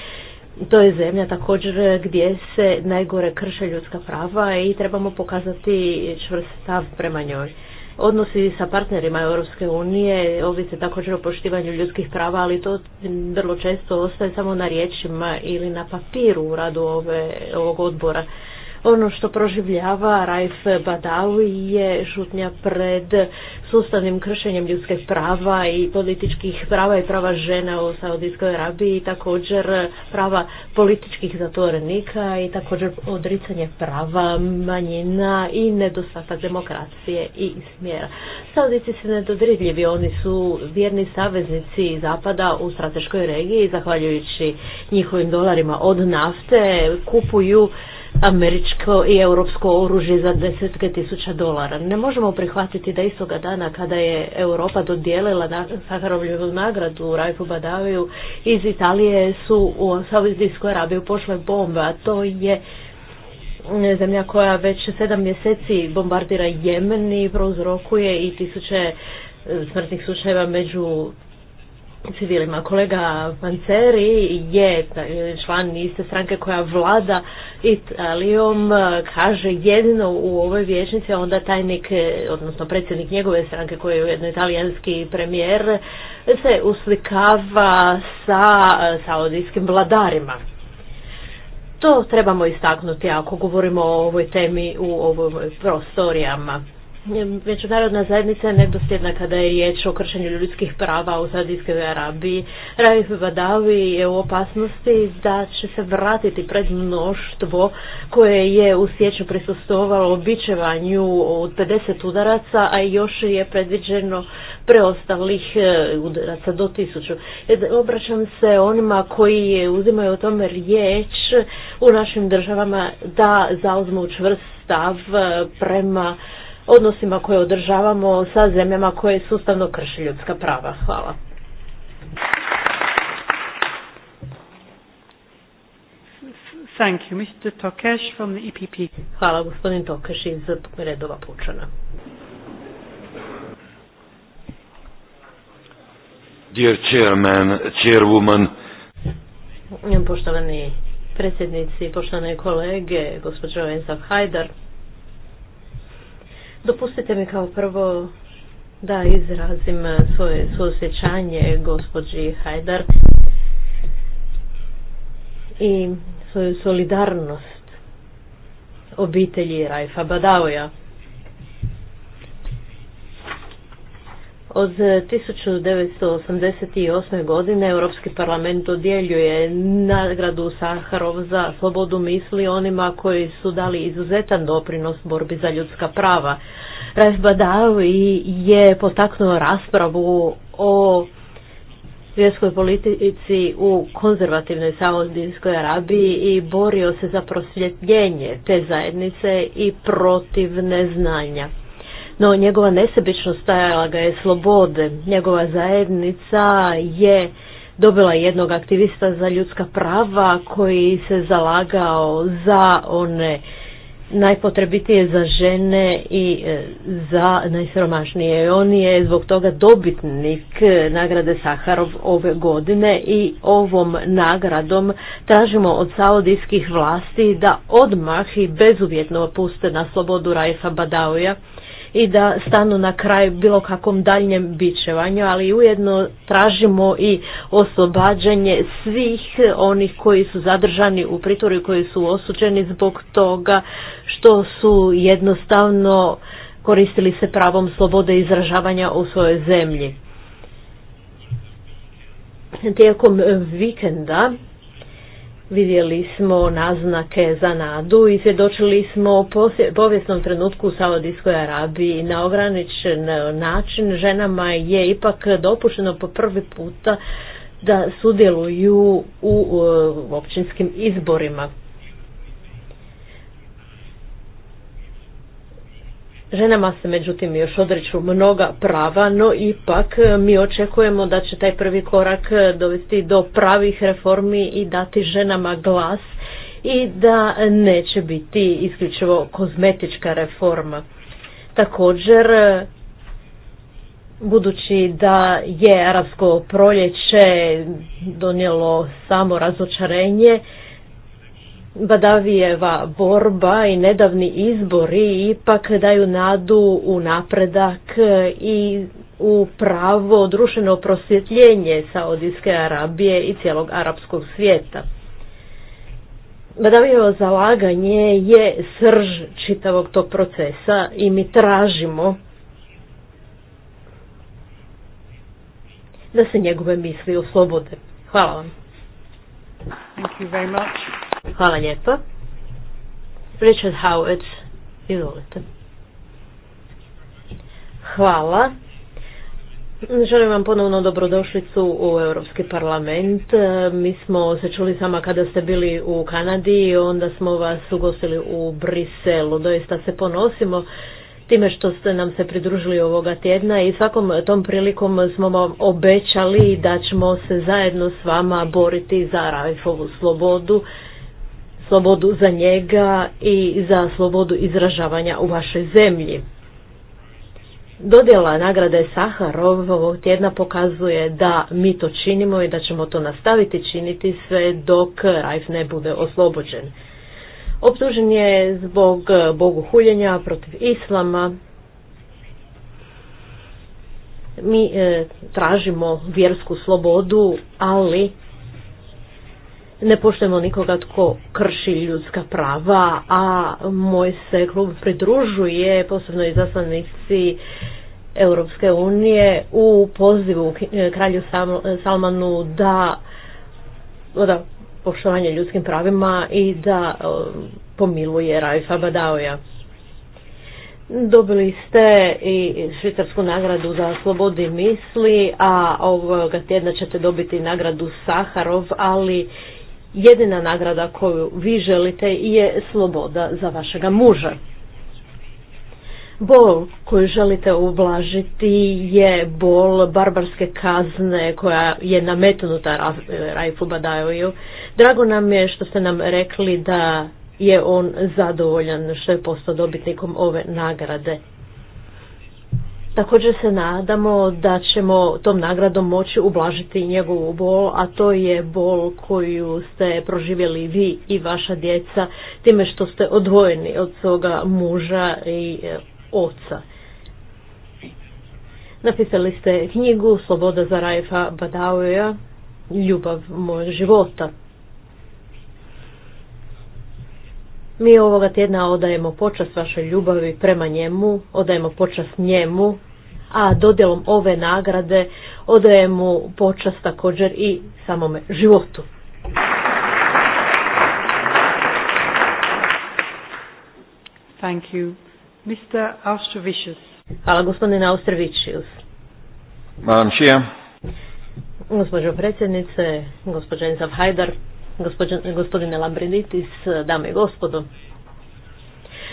Speaker 3: to je zemlja također gdje se najgore krše ljudska prava i trebamo pokazati čvrst stav prema njoj. Odnosi sa partnerima Europske unije ovise također o poštivanju ljudskih prava, ali to vrlo često ostaje samo na riječima ili na papiru u radu ove, ovog odbora. Ono što proživljava Raif Badawi je šutnja pred sustavnim kršenjem ljudskih prava i političkih prava i prava žena u Saudijskoj Arabiji i također prava političkih zatvorenika i također odricanje prava manjina i nedostatak demokracije i smjera. Saudici su nedodridljivi, oni su vjerni saveznici Zapada u strateškoj regiji, zahvaljujući njihovim dolarima od nafte, kupuju američko i europsko oružje za desetke tisuća dolara. Ne možemo prihvatiti da istoga dana kada je Europa dodijelila na nagradu nagradu Rajfu Badaviju iz Italije su u Saudijsku Arabiju pošle bombe, a to je zemlja koja već sedam mjeseci bombardira Jemen i prouzrokuje i tisuće smrtnih slučajeva među civilima. Kolega Panceri je član iste stranke koja vlada Italijom, kaže jedino u ovoj vječnici, onda tajnik, odnosno predsjednik njegove stranke koji je jedno italijanski premijer, se uslikava sa saudijskim vladarima. To trebamo istaknuti ako govorimo o ovoj temi u ovim prostorijama. Međunarodna zajednica je nedosljedna kada je riječ o kršenju ljudskih prava u Saudijskoj Arabiji. Raif Badawi je u opasnosti da će se vratiti pred mnoštvo koje je u siječnju prisustovalo običevanju od 50 udaraca, a još je predviđeno preostalih e, udaraca do tisuću. E, obraćam se onima koji uzimaju o tome riječ u našim državama da zauzmu čvrst stav e, prema odnosima koje održavamo sa zemljama koje sustavno krši ljudska prava. Hvala. Thank you, Mr. Tokesh from the EPP. Hvala gospodin Tokeš iz redova Pučana. Dear chairman, chairwoman. Poštovani predsjednici, poštovane kolege, gospođo Enzav Hajdar. Dopustite mi kao prvo da izrazim svoje suosjećanje gospođi Hajdar i svoju solidarnost obitelji Rajfa Badaoja. Od 1988. godine Europski parlament odjeljuje nagradu Saharov za slobodu misli onima koji su dali izuzetan doprinos borbi za ljudska prava. Raif Badawi je potaknuo raspravu o svjetskoj politici u konzervativnoj Saudijskoj Arabiji i borio se za prosvjetljenje te zajednice i protiv neznanja no njegova nesebičnost stajala ga je slobode. Njegova zajednica je dobila jednog aktivista za ljudska prava koji se zalagao za one najpotrebitije za žene i e, za najsromašnije. On je zbog toga dobitnik e, nagrade Saharov ove godine i ovom nagradom tražimo od saudijskih vlasti da odmah i bezuvjetno puste na slobodu Rajfa Badauja i da stanu na kraj bilo kakvom daljnjem bičevanju, ali ujedno tražimo i oslobađanje svih onih koji su zadržani u pritvoru i koji su osuđeni zbog toga što su jednostavno koristili se pravom slobode izražavanja u svojoj zemlji. Tijekom vikenda Vidjeli smo naznake za nadu i svjedočili smo o povijesnom trenutku u Saudijskoj Arabiji. Na ograničen način ženama je ipak dopušteno po prvi puta da sudjeluju u općinskim izborima. Ženama se međutim još odreću mnoga prava, no ipak e, mi očekujemo da će taj prvi korak e, dovesti do pravih reformi i dati ženama glas i da neće biti isključivo kozmetička reforma. Također, e, budući da je arapsko proljeće donijelo samo razočarenje, Badavijeva borba i nedavni izbori ipak daju nadu u napredak i u pravo društveno prosvjetljenje Saudijske Arabije i cijelog arapskog svijeta. Badavijevo zalaganje je srž čitavog tog procesa i mi tražimo da se njegove misli oslobode. Hvala vam. Thank you very much. Hvala lijepo Richard Howard, izvolite. Hvala. Želim vam ponovno dobrodošlicu u Europski parlament. Mi smo se čuli sama kada ste bili u Kanadi i onda smo vas ugostili u Briselu. Doista se ponosimo time što ste nam se pridružili ovoga tjedna i svakom tom prilikom smo vam obećali da ćemo se zajedno s vama boriti za Rajfovu slobodu slobodu za njega i za slobodu izražavanja u vašoj zemlji. Dodjela nagrade Saharov ovog tjedna pokazuje da mi to činimo i da ćemo to nastaviti činiti sve dok Rajf ne bude oslobođen. Optužen je zbog bogu huljenja protiv islama. Mi eh, tražimo vjersku slobodu, ali ne poštujemo nikoga tko krši ljudska prava, a moj se klub pridružuje posebno i zaslanici Europske unije u pozivu kralju Salmanu da oda poštovanje ljudskim pravima i da e, pomiluje Rajfa Badaoja. Dobili ste i švicarsku nagradu za slobodi misli, a ovoga tjedna ćete dobiti nagradu Saharov, ali jedina nagrada koju vi želite je sloboda za vašega muža. Bol koju želite ublažiti je bol barbarske kazne koja je nametnuta Rajfu Badajoju. Drago nam je što ste nam rekli da je on zadovoljan što je postao dobitnikom ove nagrade. Također se nadamo da ćemo tom nagradom moći ublažiti njegovu bol, a to je bol koju ste proživjeli vi i vaša djeca time što ste odvojeni od svoga muža i e, oca. Napisali ste knjigu Sloboda za Rajfa Badaoja, Ljubav mojeg života. Mi ovoga tjedna odajemo počast vašoj ljubavi prema njemu, odajemo počast njemu, a dodjelom ove nagrade odajemo počast također i samome životu. Thank you. Mr. Austrovicius. Hvala gospodine Austrovicius. Madam Chair. Gospođo predsjednice, gospođa Enzav Gospodine, gospodine dame i gospodo.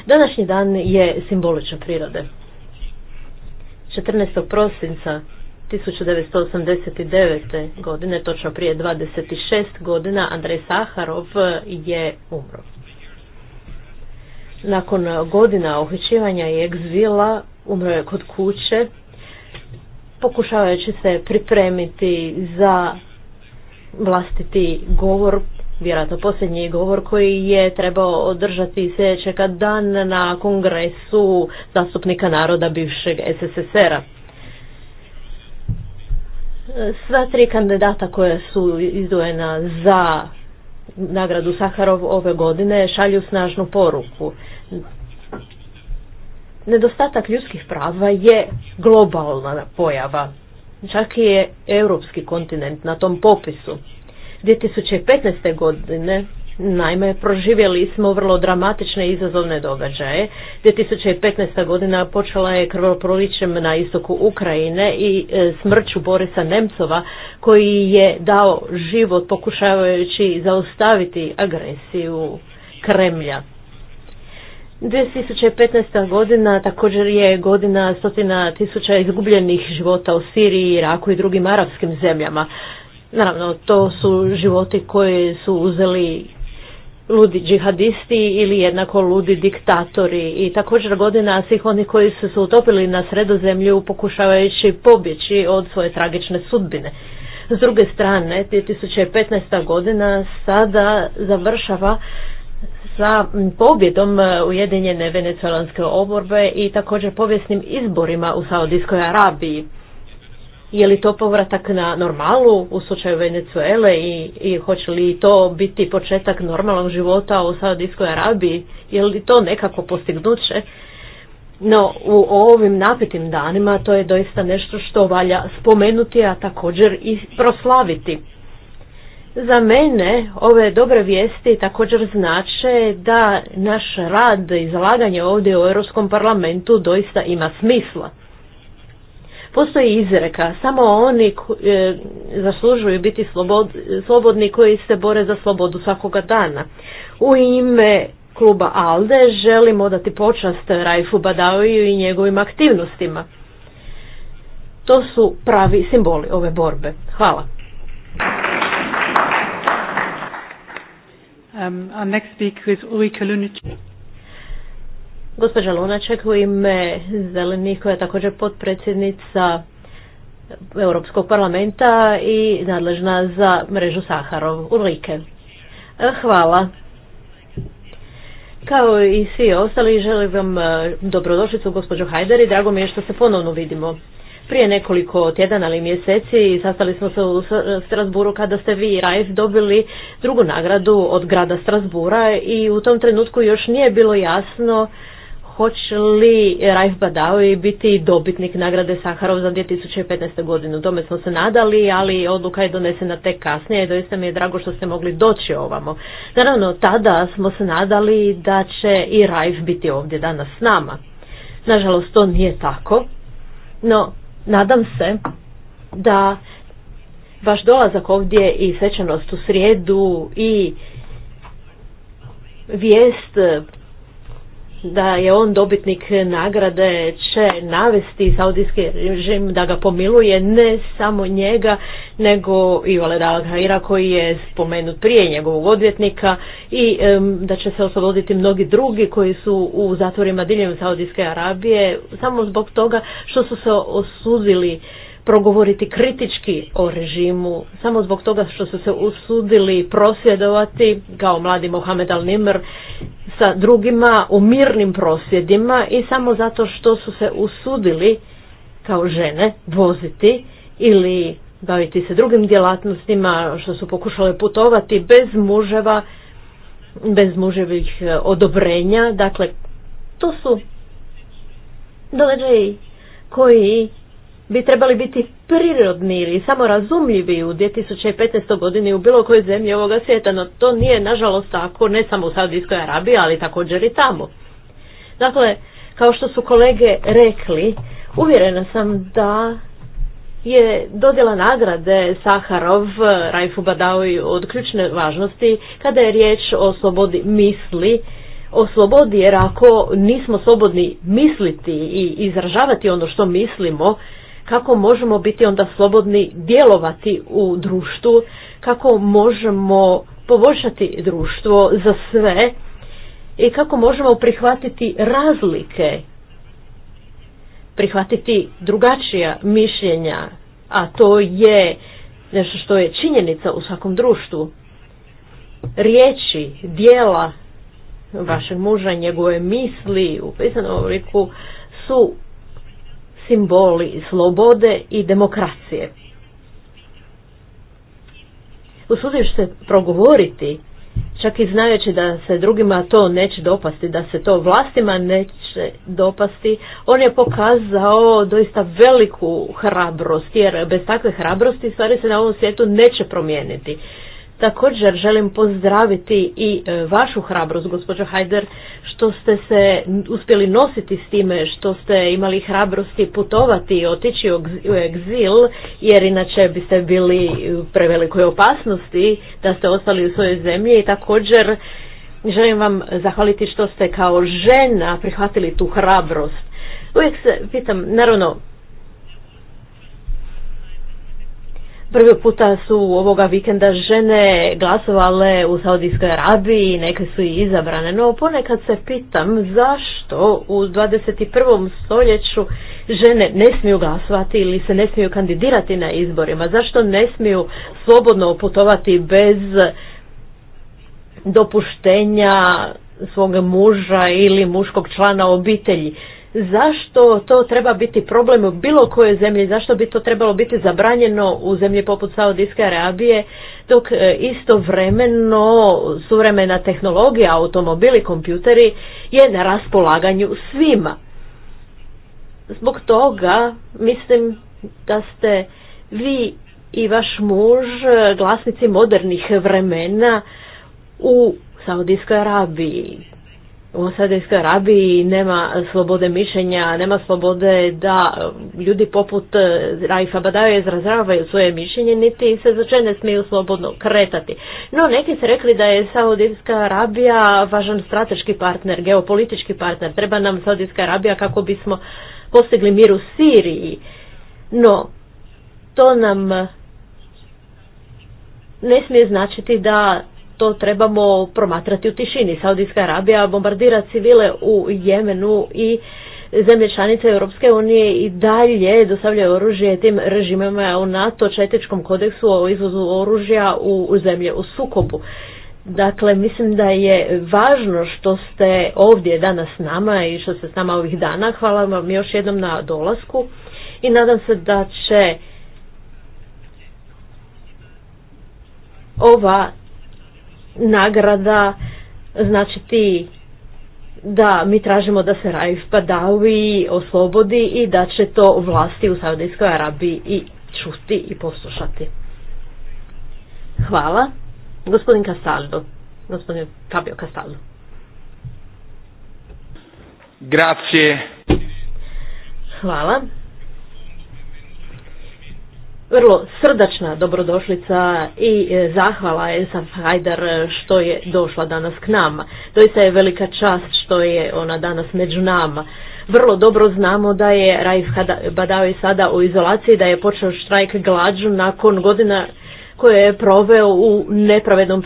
Speaker 3: Današnji dan je simbolične prirode. 14. prosinca 1989. godine, točno prije 26 godina, Andrej Saharov je umro. Nakon godina uhićivanja i egzila umro je kod kuće, pokušavajući se pripremiti za vlastiti govor, vjerojatno posljednji govor koji je trebao održati sljedećeg dan na kongresu zastupnika naroda bivšeg SSSR-a. Sva tri kandidata koja su izdvojena za nagradu Saharov ove godine šalju snažnu poruku. Nedostatak ljudskih prava je globalna pojava Čak i je europski kontinent na tom popisu. 2015. godine Naime, proživjeli smo vrlo dramatične i izazovne događaje. 2015. godina počela je krvoprolićem na istoku Ukrajine i e, smrću Borisa Nemcova koji je dao život pokušavajući zaustaviti agresiju Kremlja. 2015. godina također je godina stotina tisuća izgubljenih života u Siriji, Iraku i drugim arapskim zemljama. Naravno, to su životi koje su uzeli ludi džihadisti ili jednako ludi diktatori i također godina svih onih koji su se utopili na sredozemlju pokušavajući pobjeći od svoje tragične sudbine. S druge strane, 2015. godina sada završava sa pobjedom e, Ujedinjene venecuelanske oborbe i također povijesnim izborima u Saudijskoj Arabiji. Je li to povratak na normalu u slučaju Venezuele i, i hoće li to biti početak normalnog života u Saudijskoj Arabiji? Je li to nekako postignuće? No, u ovim napetim danima to je doista nešto što valja spomenuti, a također i proslaviti. Za mene ove dobre vijesti također znače da naš rad i zalaganje ovdje u Europskom parlamentu doista ima smisla. Postoji izreka, samo oni e, zaslužuju biti slobodni koji se bore za slobodu svakoga dana. U ime kluba ALDE želimo dati počast Rajfu Badaviju i njegovim aktivnostima. To su pravi simboli ove borbe. Hvala. Um, next speaker Ulrike Gospođa Lunaček u ime Zelenih koja je također potpredsjednica Europskog parlamenta i nadležna za mrežu Saharov. Ulrike. Eh, hvala. Kao i svi ostali želim vam eh, dobrodošlicu gospođo Hajder i drago mi je što se ponovno vidimo. Prije nekoliko tjedana ili mjeseci sastali smo se u Strasburu kada ste vi i Rajf dobili drugu nagradu od grada Strasbura i u tom trenutku još nije bilo jasno hoće li Rajf Badawi biti dobitnik nagrade Saharov za 2015. godinu. Tome smo se nadali, ali odluka je donesena tek kasnije i doista mi je drago što ste mogli doći ovamo. Naravno, tada smo se nadali da će i Rajf biti ovdje danas s nama. Nažalost, to nije tako. No, Nadam se da vaš dolazak ovdje i svečanost u srijedu i vijest da je on dobitnik nagrade će navesti saudijski režim da ga pomiluje ne samo njega nego i Valeda Al-Haira koji je spomenut prije njegovog odvjetnika i da će se osloboditi mnogi drugi koji su u zatvorima diljem Saudijske Arabije samo zbog toga što su se osudili progovoriti kritički o režimu samo zbog toga što su se usudili prosvjedovati kao mladi Mohamed Al-Nimr sa drugima u mirnim prosvjedima i samo zato što su se usudili kao žene voziti ili baviti se drugim djelatnostima što su pokušale putovati bez muževa, bez muževih e, odobrenja. Dakle, to su događaji koji bi trebali biti prirodni ili samorazumljivi u 2015. godini u bilo kojoj zemlji ovoga svijeta, no to nije nažalost tako ne samo u Saudijskoj Arabiji, ali također i tamo. Dakle, kao što su kolege rekli, uvjerena sam da je dodjela nagrade Saharov Rajfu Badawi od ključne važnosti kada je riječ o slobodi misli, o slobodi jer ako nismo slobodni misliti i izražavati ono što mislimo, kako možemo biti onda slobodni djelovati u društvu, kako možemo poboljšati društvo za sve i kako možemo prihvatiti razlike, prihvatiti drugačija mišljenja, a to je nešto što je činjenica u svakom društvu. Riječi, dijela vašeg muža, njegove misli u pisanom obliku su simboli slobode i demokracije. Usudiš se progovoriti, čak i znajući da se drugima to neće dopasti, da se to vlastima neće dopasti, on je pokazao doista veliku hrabrost, jer bez takve hrabrosti stvari se na ovom svijetu neće promijeniti. Također želim pozdraviti i e, vašu hrabrost, gospođo Hajder, što ste se uspjeli nositi s time, što ste imali hrabrosti putovati i otići u egzil, jer inače biste bili u prevelikoj opasnosti da ste ostali u svojoj zemlji i također želim vam zahvaliti što ste kao žena prihvatili tu hrabrost. Uvijek se pitam, naravno, Prvi puta su ovoga vikenda žene glasovale u Saudijskoj Arabiji, neke su i izabrane, no ponekad se pitam zašto u 21. stoljeću žene ne smiju glasovati ili se ne smiju kandidirati na izborima, zašto ne smiju slobodno putovati bez dopuštenja svog muža ili muškog člana obitelji zašto to treba biti problem u bilo kojoj zemlji, zašto bi to trebalo biti zabranjeno u zemlji poput Saudijske Arabije, dok e, istovremeno suvremena tehnologija, automobili, kompjuteri je na raspolaganju svima. Zbog toga mislim da ste vi i vaš muž glasnici modernih vremena u Saudijskoj Arabiji u Saudijskoj Arabiji nema slobode mišljenja, nema slobode da ljudi poput Raifa Badaja izrazravaju svoje mišljenje, niti se za ne smiju slobodno kretati. No, neki su rekli da je Saudijska Arabija važan strateški partner, geopolitički partner. Treba nam Saudijska Arabija kako bismo postigli mir u Siriji. No, to nam ne smije značiti da to trebamo promatrati u tišini. Saudijska Arabija bombardira civile u Jemenu i zemlje članice Europske unije i dalje dostavljaju oružje tim režimima u NATO četičkom kodeksu o izvozu oružja u zemlje u sukobu. Dakle, mislim da je važno što ste ovdje danas s nama i što ste s nama ovih dana. Hvala vam još jednom na dolasku i nadam se da će ova nagrada znači ti da mi tražimo da se Raif Badawi oslobodi i da će to vlasti u Saudijskoj Arabiji i čuti i poslušati. Hvala. Gospodin Kastaldo, Gospodin Fabio Kastaldo. Grazie. Hvala vrlo srdačna dobrodošlica i e, zahvala Elsa Hajdar e, što je došla danas k nama. Doista je velika čast što je ona danas među nama. Vrlo dobro znamo da je Raif Badawi sada u izolaciji, da je počeo štrajk glađu nakon godina koje je proveo u nepravednom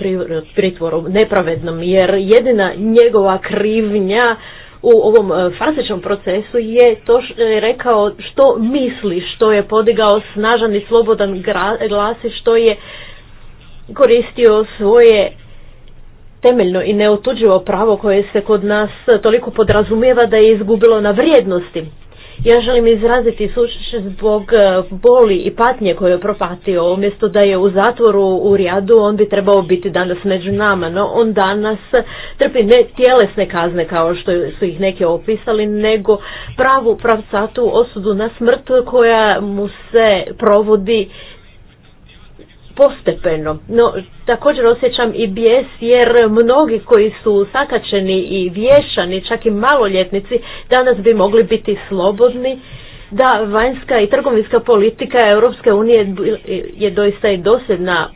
Speaker 3: pritvoru, nepravednom, jer jedina njegova krivnja u ovom e, fazičnom procesu je to š, je rekao što misli, što je podigao snažan i slobodan glas i što je koristio svoje temeljno i neotuđivo pravo koje se kod nas toliko podrazumijeva da je izgubilo na vrijednosti. Ja želim izraziti sučešće zbog e, boli i patnje koje je propatio. Umjesto da je u zatvoru u Rijadu, on bi trebao biti danas među nama. No, on danas trpi ne tjelesne kazne kao što su ih neki opisali, nego pravu pravcatu osudu na smrt koja mu se provodi postepeno. No, također osjećam i bijes jer mnogi koji su sakačeni i vješani, čak i maloljetnici, danas bi mogli biti slobodni da vanjska i trgovinska politika Europske unije je doista i dosljedna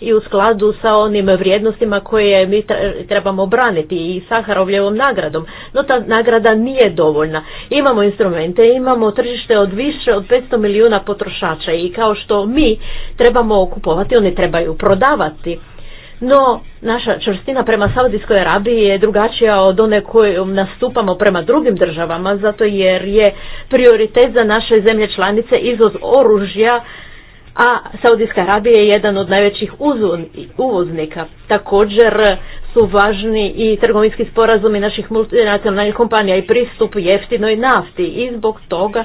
Speaker 3: i u skladu sa onim vrijednostima koje mi trebamo braniti i Saharovljevom nagradom. No ta nagrada nije dovoljna. Imamo instrumente, imamo tržište od više od 500 milijuna potrošača i kao što mi trebamo kupovati, oni trebaju prodavati. No, naša čvrstina prema Saudijskoj Arabiji je drugačija od one koje nastupamo prema drugim državama, zato jer je prioritet za naše zemlje članice izvoz oružja a Saudijska Arabija je jedan od najvećih uvoznika. Također su važni i trgovinski sporazumi naših multinacionalnih kompanija i pristup jeftinoj nafti i zbog toga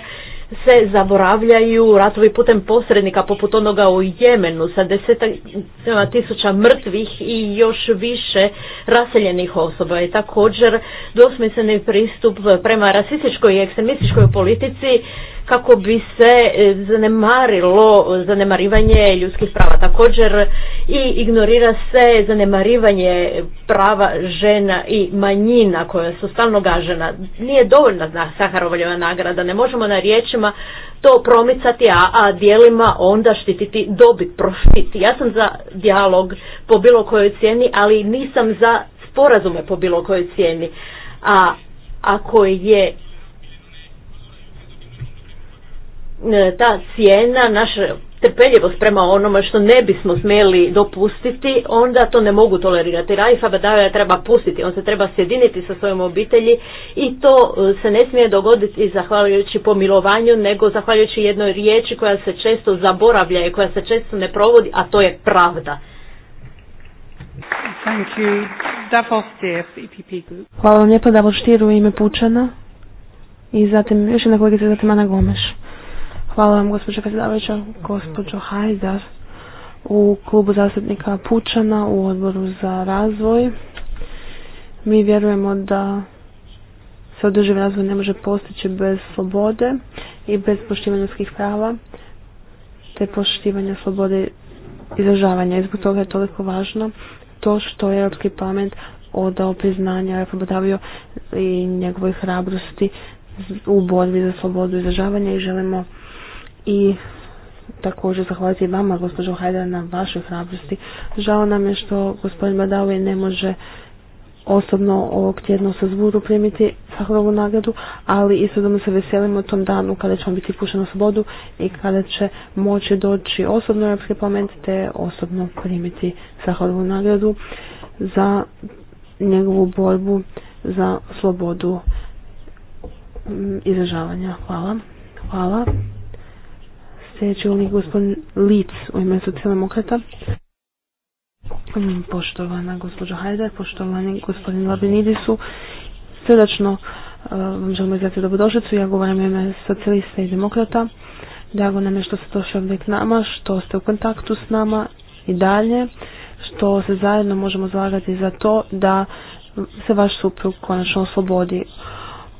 Speaker 3: se zaboravljaju ratovi putem posrednika poput onoga u Jemenu sa desetak tisuća mrtvih i još više raseljenih osoba i također dvosmisleni pristup prema rasističkoj i ekstremističkoj politici kako bi se e, zanemarilo zanemarivanje ljudskih prava. Također i ignorira se zanemarivanje prava žena i manjina koja su stalno gažena. Nije dovoljna Saharovljeva nagrada, ne možemo na riječima to promicati, a, a dijelima onda štititi dobit, profit. Ja sam za dijalog po bilo kojoj cijeni, ali nisam za sporazume po bilo kojoj cijeni. A ako je E, ta cijena, naša trpeljivost prema onome što ne bismo smjeli dopustiti, onda to ne mogu tolerirati. Raifa Badavija treba pustiti, on se treba sjediniti sa svojom obitelji i to e, se ne smije dogoditi zahvaljujući pomilovanju, nego zahvaljujući jednoj riječi koja se često zaboravlja i koja se često ne provodi, a to je pravda.
Speaker 1: Hvala vam lijepo, ime Pučana. I zatim još jedna kolegica, zatim Ana Gomeš. Hvala vam gospođo predsjedavajuća, gospođo Hajdar u klubu zastupnika Pučana u odboru za razvoj. Mi vjerujemo da se održiv razvoj ne može postići bez slobode i bez poštivanja ljudskih prava te poštivanja slobode izražavanja. I zbog toga je toliko važno to što je Europski parlament odao priznanja Rafa i njegovoj hrabrosti u borbi za slobodu izražavanja i želimo i također zahvaliti vama, gospođo Hajda, na vašoj hrabrosti. Žao nam je što gospodin Badawi ne može osobno ovog tjedna sa zvuru primiti Saharovu nagradu, ali istodobno se veselimo tom danu kada će on biti pušen na slobodu i kada će moći doći osobno u Europski parlament te osobno primiti Saharovu nagradu za njegovu borbu za slobodu mm, izražavanja. Hvala. Hvala. Sljedeći je gospodin Lic u ime socijaldemokrata. Mm, poštovana gospođo Hajda, poštovani gospodin Labinidisu, srdačno uh, vam želimo izdati dobrodošlicu. Ja govorim ime socijalista i demokrata. Drago nam je što ste došli ovdje k nama, što ste u kontaktu s nama i dalje, što se zajedno možemo zalagati za to da se vaš suprug konačno oslobodi.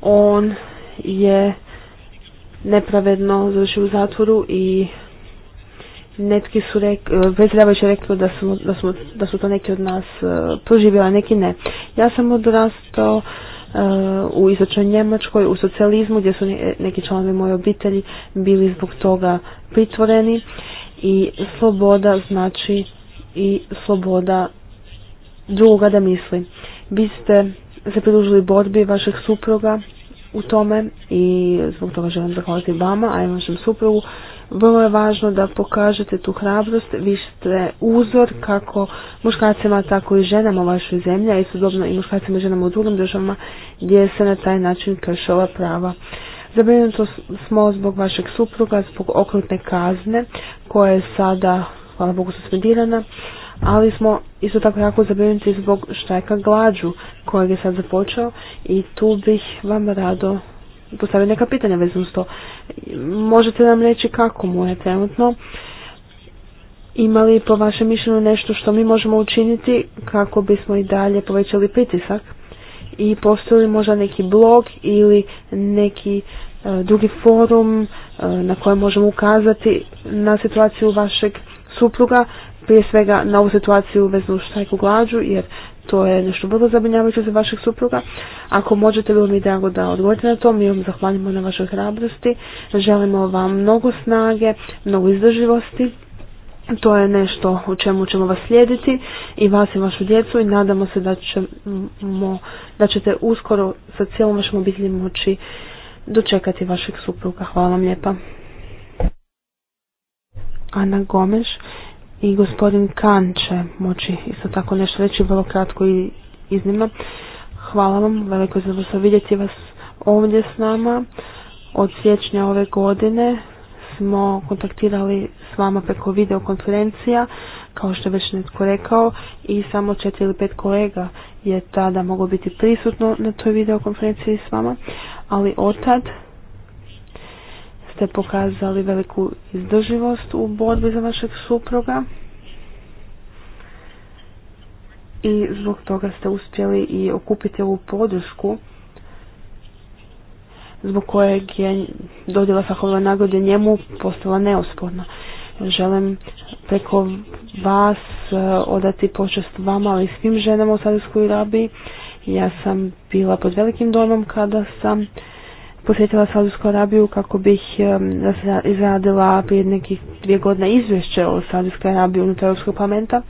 Speaker 1: On je nepravedno završio u zatvoru i netki su rekli, predsjedavajući rekao da, smo, da, smo, da su to neki od nas e, proživjela, neki ne. Ja sam odrastao e, u istočnoj Njemačkoj, u socijalizmu gdje su neki članovi moje obitelji bili zbog toga pritvoreni i sloboda znači i sloboda drugoga da misli. Vi ste se pridružili borbi vašeg supruga u tome i zbog toga želim zahvaliti vama, a i vašem suprugu. Vrlo je važno da pokažete tu hrabrost, vi ste uzor kako muškarcima, tako i ženama u vašoj zemlji, a istodobno i muškarcima i ženama u drugim državama gdje se na taj način krše ova prava. Zabrinuto smo zbog vašeg supruga, zbog okrutne kazne koja je sada, hvala Bogu, suspendirana ali smo isto tako jako zabrinuti zbog štajka glađu kojeg je sad započeo i tu bih vam rado postavio neka pitanja vezano s to. Možete nam reći kako mu je trenutno? imali po vašem mišljenju nešto što mi možemo učiniti kako bismo i dalje povećali pritisak? I postoji možda neki blog ili neki e, drugi forum e, na kojem možemo ukazati na situaciju vašeg supruga, prije svega na ovu situaciju veznu štajku glađu, jer to je nešto vrlo zabrinjavajuće za vašeg supruga. Ako možete, bilo mi drago da odgovorite na to, mi vam zahvaljujemo na vašoj hrabrosti, želimo vam mnogo snage, mnogo izdrživosti. To je nešto u čemu ćemo vas slijediti i vas i vašu djecu i nadamo se da, ćemo, da ćete uskoro sa cijelom vašom obitelji moći dočekati vašeg supruga. Hvala vam lijepa. Ana Gomeš i gospodin Kan će moći isto tako nešto reći vrlo kratko i iznimno. Hvala vam, veliko je zadovoljstvo vidjeti vas ovdje s nama. Od siječnja ove godine smo kontaktirali s vama preko videokonferencija, kao što je već netko rekao, i samo četiri ili pet kolega je tada moglo biti prisutno na toj videokonferenciji s vama, ali od tad ste pokazali veliku izdrživost u borbi za vašeg supruga i zbog toga ste uspjeli i okupiti ovu podršku zbog kojeg je dodjela Sahova nagrade njemu postala neosporna. Želim preko vas eh, odati počest vama, ali i svim ženama u Sadijskoj rabi. Ja sam bila pod velikim domom kada sam posjetila Saudijsku Arabiju kako bih izradila prije nekih dvije godine izvješće o Saudijskoj Arabiji unutar Europskog parlamenta.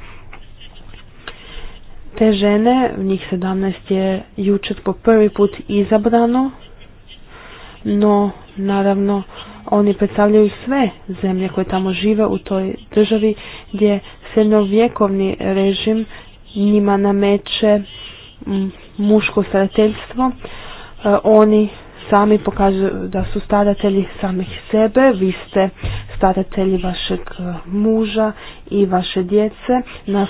Speaker 1: Te žene, njih 17 je jučer po prvi put izabrano, no naravno oni predstavljaju sve zemlje koje tamo žive u toj državi gdje srednovjekovni režim njima nameće muško starateljstvo. E, oni sami pokazuju da su staratelji samih sebe, vi ste staratelji vašeg e, muža i vaše djece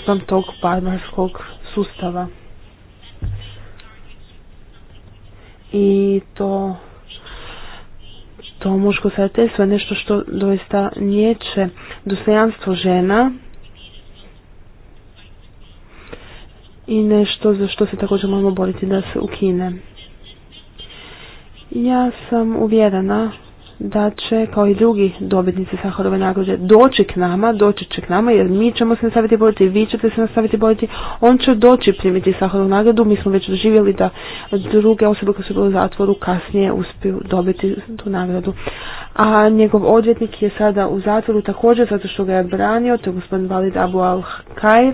Speaker 1: sam tog barbarskog sustava. I to to muško starateljstvo je nešto što doista nječe dostojanstvo žena i nešto za što se također moramo boriti da se ukine. Ja sam uvjerena da će, kao i drugi dobitnici Saharove nagrade, doći k nama, doći će k nama, jer mi ćemo se nastaviti boriti, vi ćete se nastaviti boriti, on će doći primiti Saharovu nagradu, mi smo već doživjeli da druge osobe koje su bile u zatvoru kasnije uspiju dobiti tu nagradu. A njegov odvjetnik je sada u zatvoru također zato što ga je branio, to je gospodin Valid Abu al Khaj,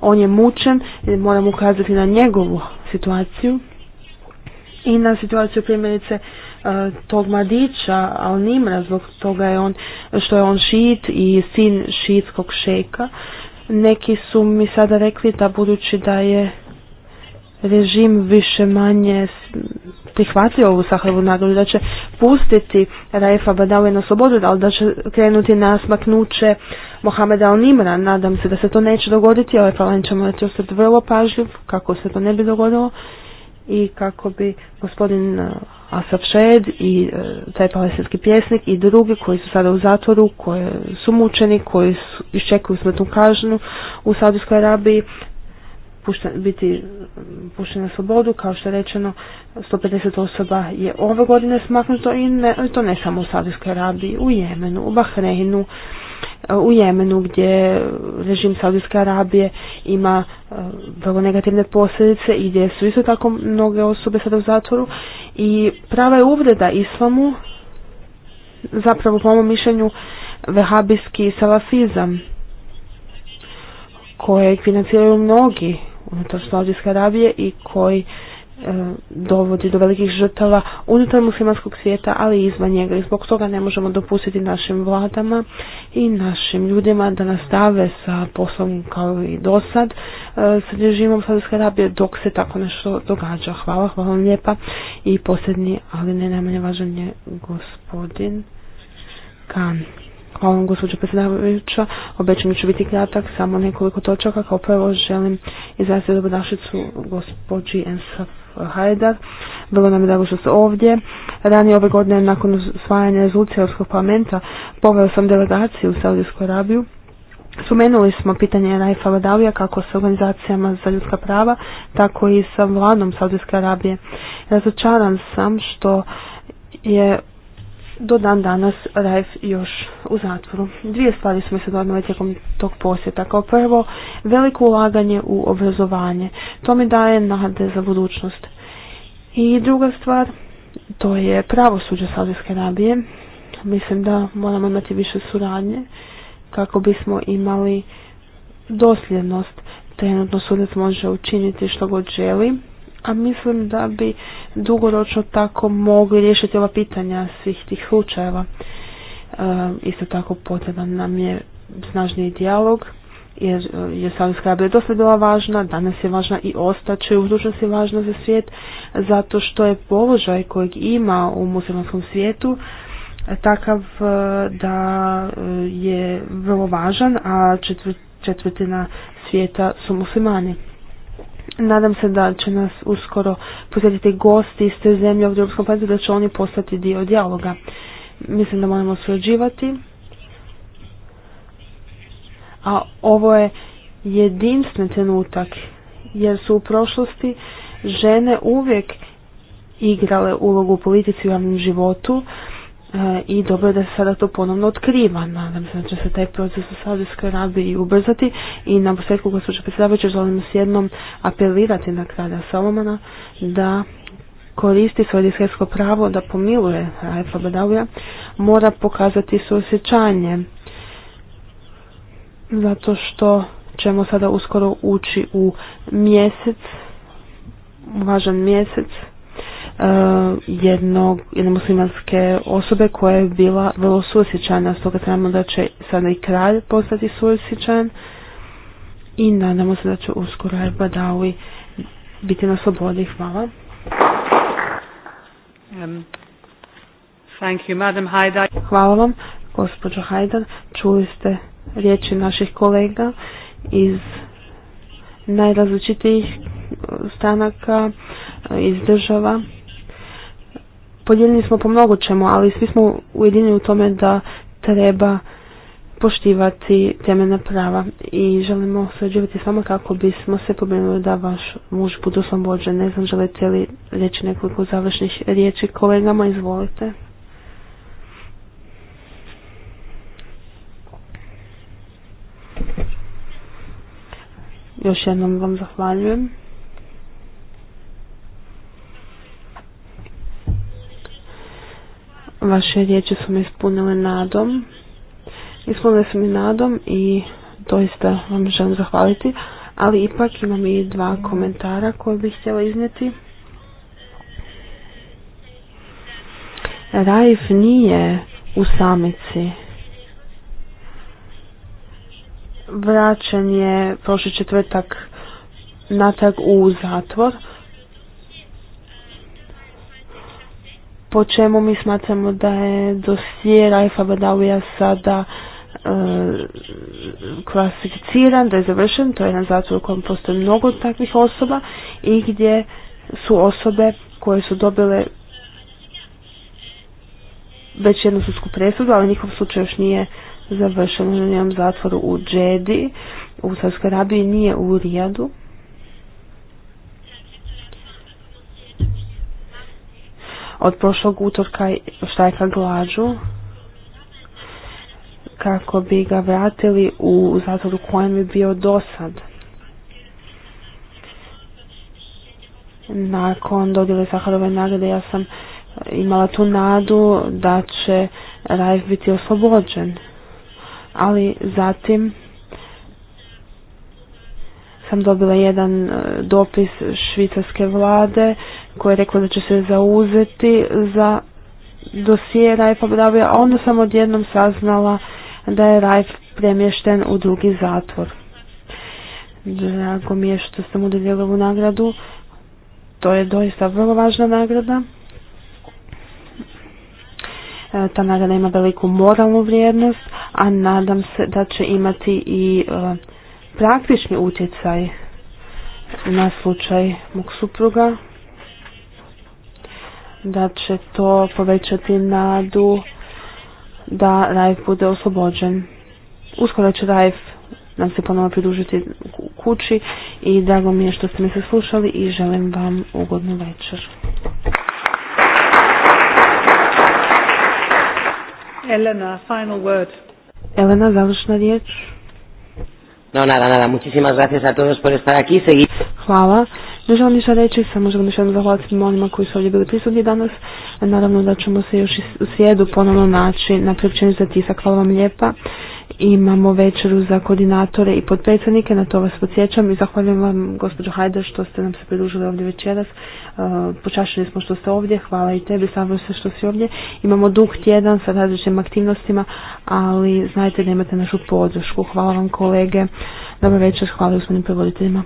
Speaker 1: on je mučen, moram ukazati na njegovu situaciju i na situaciju primjerice e, tog mladića Al-Nimra zbog toga je on, što je on šit i sin šitskog šeka. Neki su mi sada rekli da budući da je režim više manje prihvatio ovu sahrovu nagradu, da će pustiti Raifa Badawi na slobodu, ali da će krenuti na smaknuće Mohameda Al-Nimra. Nadam se da se to neće dogoditi, ovaj da će morati ostati vrlo pažljiv kako se to ne bi dogodilo i kako bi gospodin eh, Asaf Šed i eh, taj palestinski pjesnik i drugi koji su sada u zatvoru, koji su mučeni, koji su, iščekuju smrtnu kažnu u Saudijskoj Arabiji, pušten, biti mm, pušteni na slobodu, kao što je rečeno 150 osoba je ove godine smaknuto i ne, to ne samo u Saudijskoj Arabiji, u Jemenu, u Bahreinu, u Jemenu gdje režim Saudijske Arabije ima e, vrlo negativne posljedice i gdje su isto tako mnoge osobe sada u zatvoru i prava je uvreda islamu zapravo po mom mišljenju vehabijski salafizam kojeg financiraju mnogi unutar Saudijske Arabije i koji E, dovodi do velikih žrtava unutar muslimanskog svijeta, ali i izvan njega. I zbog toga ne možemo dopustiti našim vladama i našim ljudima da nastave sa poslom kao i do sad e, sa režimom Saudijske Arabije dok se tako nešto događa. Hvala, hvala vam lijepa. I posljednji, ali ne najmanje važan je gospodin Kan. Hvala vam gospođo predsjedavajuća, obećam ću biti kratak, samo nekoliko točaka, kao prvo želim izraziti dobrodašicu gospođi Ensaf Hajdar. Bilo nam je drago što ste ovdje. Ranije ove godine, nakon usvajanja rezolucije Europskog parlamenta, poveo sam delegaciju u Saudijsku Arabiju. Sumenuli smo pitanje Raifa Badavija kako sa organizacijama za ljudska prava, tako i sa vladom Saudijske Arabije. Razočaran sam što je do dan danas Rajf još u zatvoru. Dvije stvari smo se dodali tijekom tog posjeta. Kao prvo, veliko ulaganje u obrazovanje. To mi daje nade za budućnost. I druga stvar, to je pravosuđe Saudijske Arabije. Mislim da moramo imati više suradnje kako bismo imali dosljednost. Trenutno sudac može učiniti što god želi a mislim da bi dugoročno tako mogli riješiti ova pitanja svih tih slučajeva. E, isto tako potreban nam je snažniji dijalog jer e, je Saudijska Arabija dosta bila važna, danas je važna i ostaće u budućnosti važna za svijet zato što je položaj kojeg ima u muslimanskom svijetu e, takav da je vrlo važan, a četvrtina svijeta su muslimani. Nadam se da će nas uskoro posjetiti gosti iz te zemlje ovdje u Europskom parlamentu, da će oni postati dio dijaloga. Mislim da moramo surađivati. A ovo je jedinstven trenutak, jer su u prošlosti žene uvijek igrale ulogu u politici u javnom životu, E, i dobro je da se sada to ponovno otkriva. Nadam se da će se taj proces u Saudijskoj Arabiji ubrzati i na posljedku gospođa predsjedavajuća želim s jednom apelirati na kralja Salomana da koristi svoje diskretsko pravo da pomiluje Raifa mora pokazati suosjećanje zato što ćemo sada uskoro ući u mjesec, važan mjesec Eh, jednog, jedne muslimanske osobe koja je bila vrlo susjećana, stoga trebamo da će sada i kralj postati susjećan i nadamo se da će uskoro badali biti na slobodi. Hvala. Um, Hvala vam, gospođo Hajdan. Čuli ste riječi naših kolega iz najrazličitijih stanaka, iz država podijeljeni smo po mnogo čemu, ali svi smo ujedinjeni u tome da treba poštivati temeljna prava i želimo sređivati s vama kako bismo se pobrinuli da vaš muž bude oslobođen. Ne znam, želite li reći nekoliko završnih riječi kolegama, izvolite. Još jednom vam zahvaljujem. Vaše riječi su me ispunile nadom. Ispunile su mi nadom i doista vam želim zahvaliti, ali ipak imam i dva komentara koje bih htjela iznijeti. Raif nije u samici. Vraćen je prošli četvrtak natrag u zatvor po čemu mi smatramo da je dosije Rajfa Badawija sada e, klasificiran, da je završen, to je jedan zatvor u kojem postoji mnogo takvih osoba i gdje su osobe koje su dobile već jednu sudsku presudu, ali njihov slučaj još nije završen u njenom zatvoru u Džedi, u Savskoj Arabiji, nije u Rijadu. od prošlog utorka štajka glađu kako bi ga vratili u zatvor u kojem bi bio dosad. Nakon dodjele Saharove nagrade ja sam imala tu nadu da će Rajf biti oslobođen. Ali zatim sam dobila jedan e, dopis švicarske vlade koji je rekao da će se zauzeti za dosije Rajfa Bravija, a onda sam odjednom saznala da je Rajf premješten u drugi zatvor. Drago mi je što sam udjeljela ovu nagradu. To je doista vrlo važna nagrada. E, ta nagrada ima veliku moralnu vrijednost, a nadam se da će imati i e, praktični utjecaj na slučaj mog supruga da će to povećati nadu da Rajf bude oslobođen. Uskoro će Rajf nam se ponovno pridružiti kući i drago mi je što ste mi se slušali i želim vam ugodnu večer. Elena, final word. Elena, završna riječ. No, nada, nada. Muchísimas gracias a todos por estar aquí. Hvala. Ne želim ništa reći, samo želim još jednom zahvaliti onima koji su ovdje bili prisutni danas. Naravno da ćemo se još u svijedu ponovno naći na priopćenju za tisak. Hvala vam lijepa. Imamo večeru za koordinatore i potpredsjednike, na to vas podsjećam i zahvaljujem vam gospođo Hajder, što ste nam se pridružili ovdje večeras. Uh, Počašili smo što ste ovdje, hvala i tebi, samo se što si ovdje. Imamo duh tjedan sa različitim aktivnostima, ali znajte da imate našu podršku. Hvala vam kolege, dobro večer, hvala gospodinim prevoditeljima.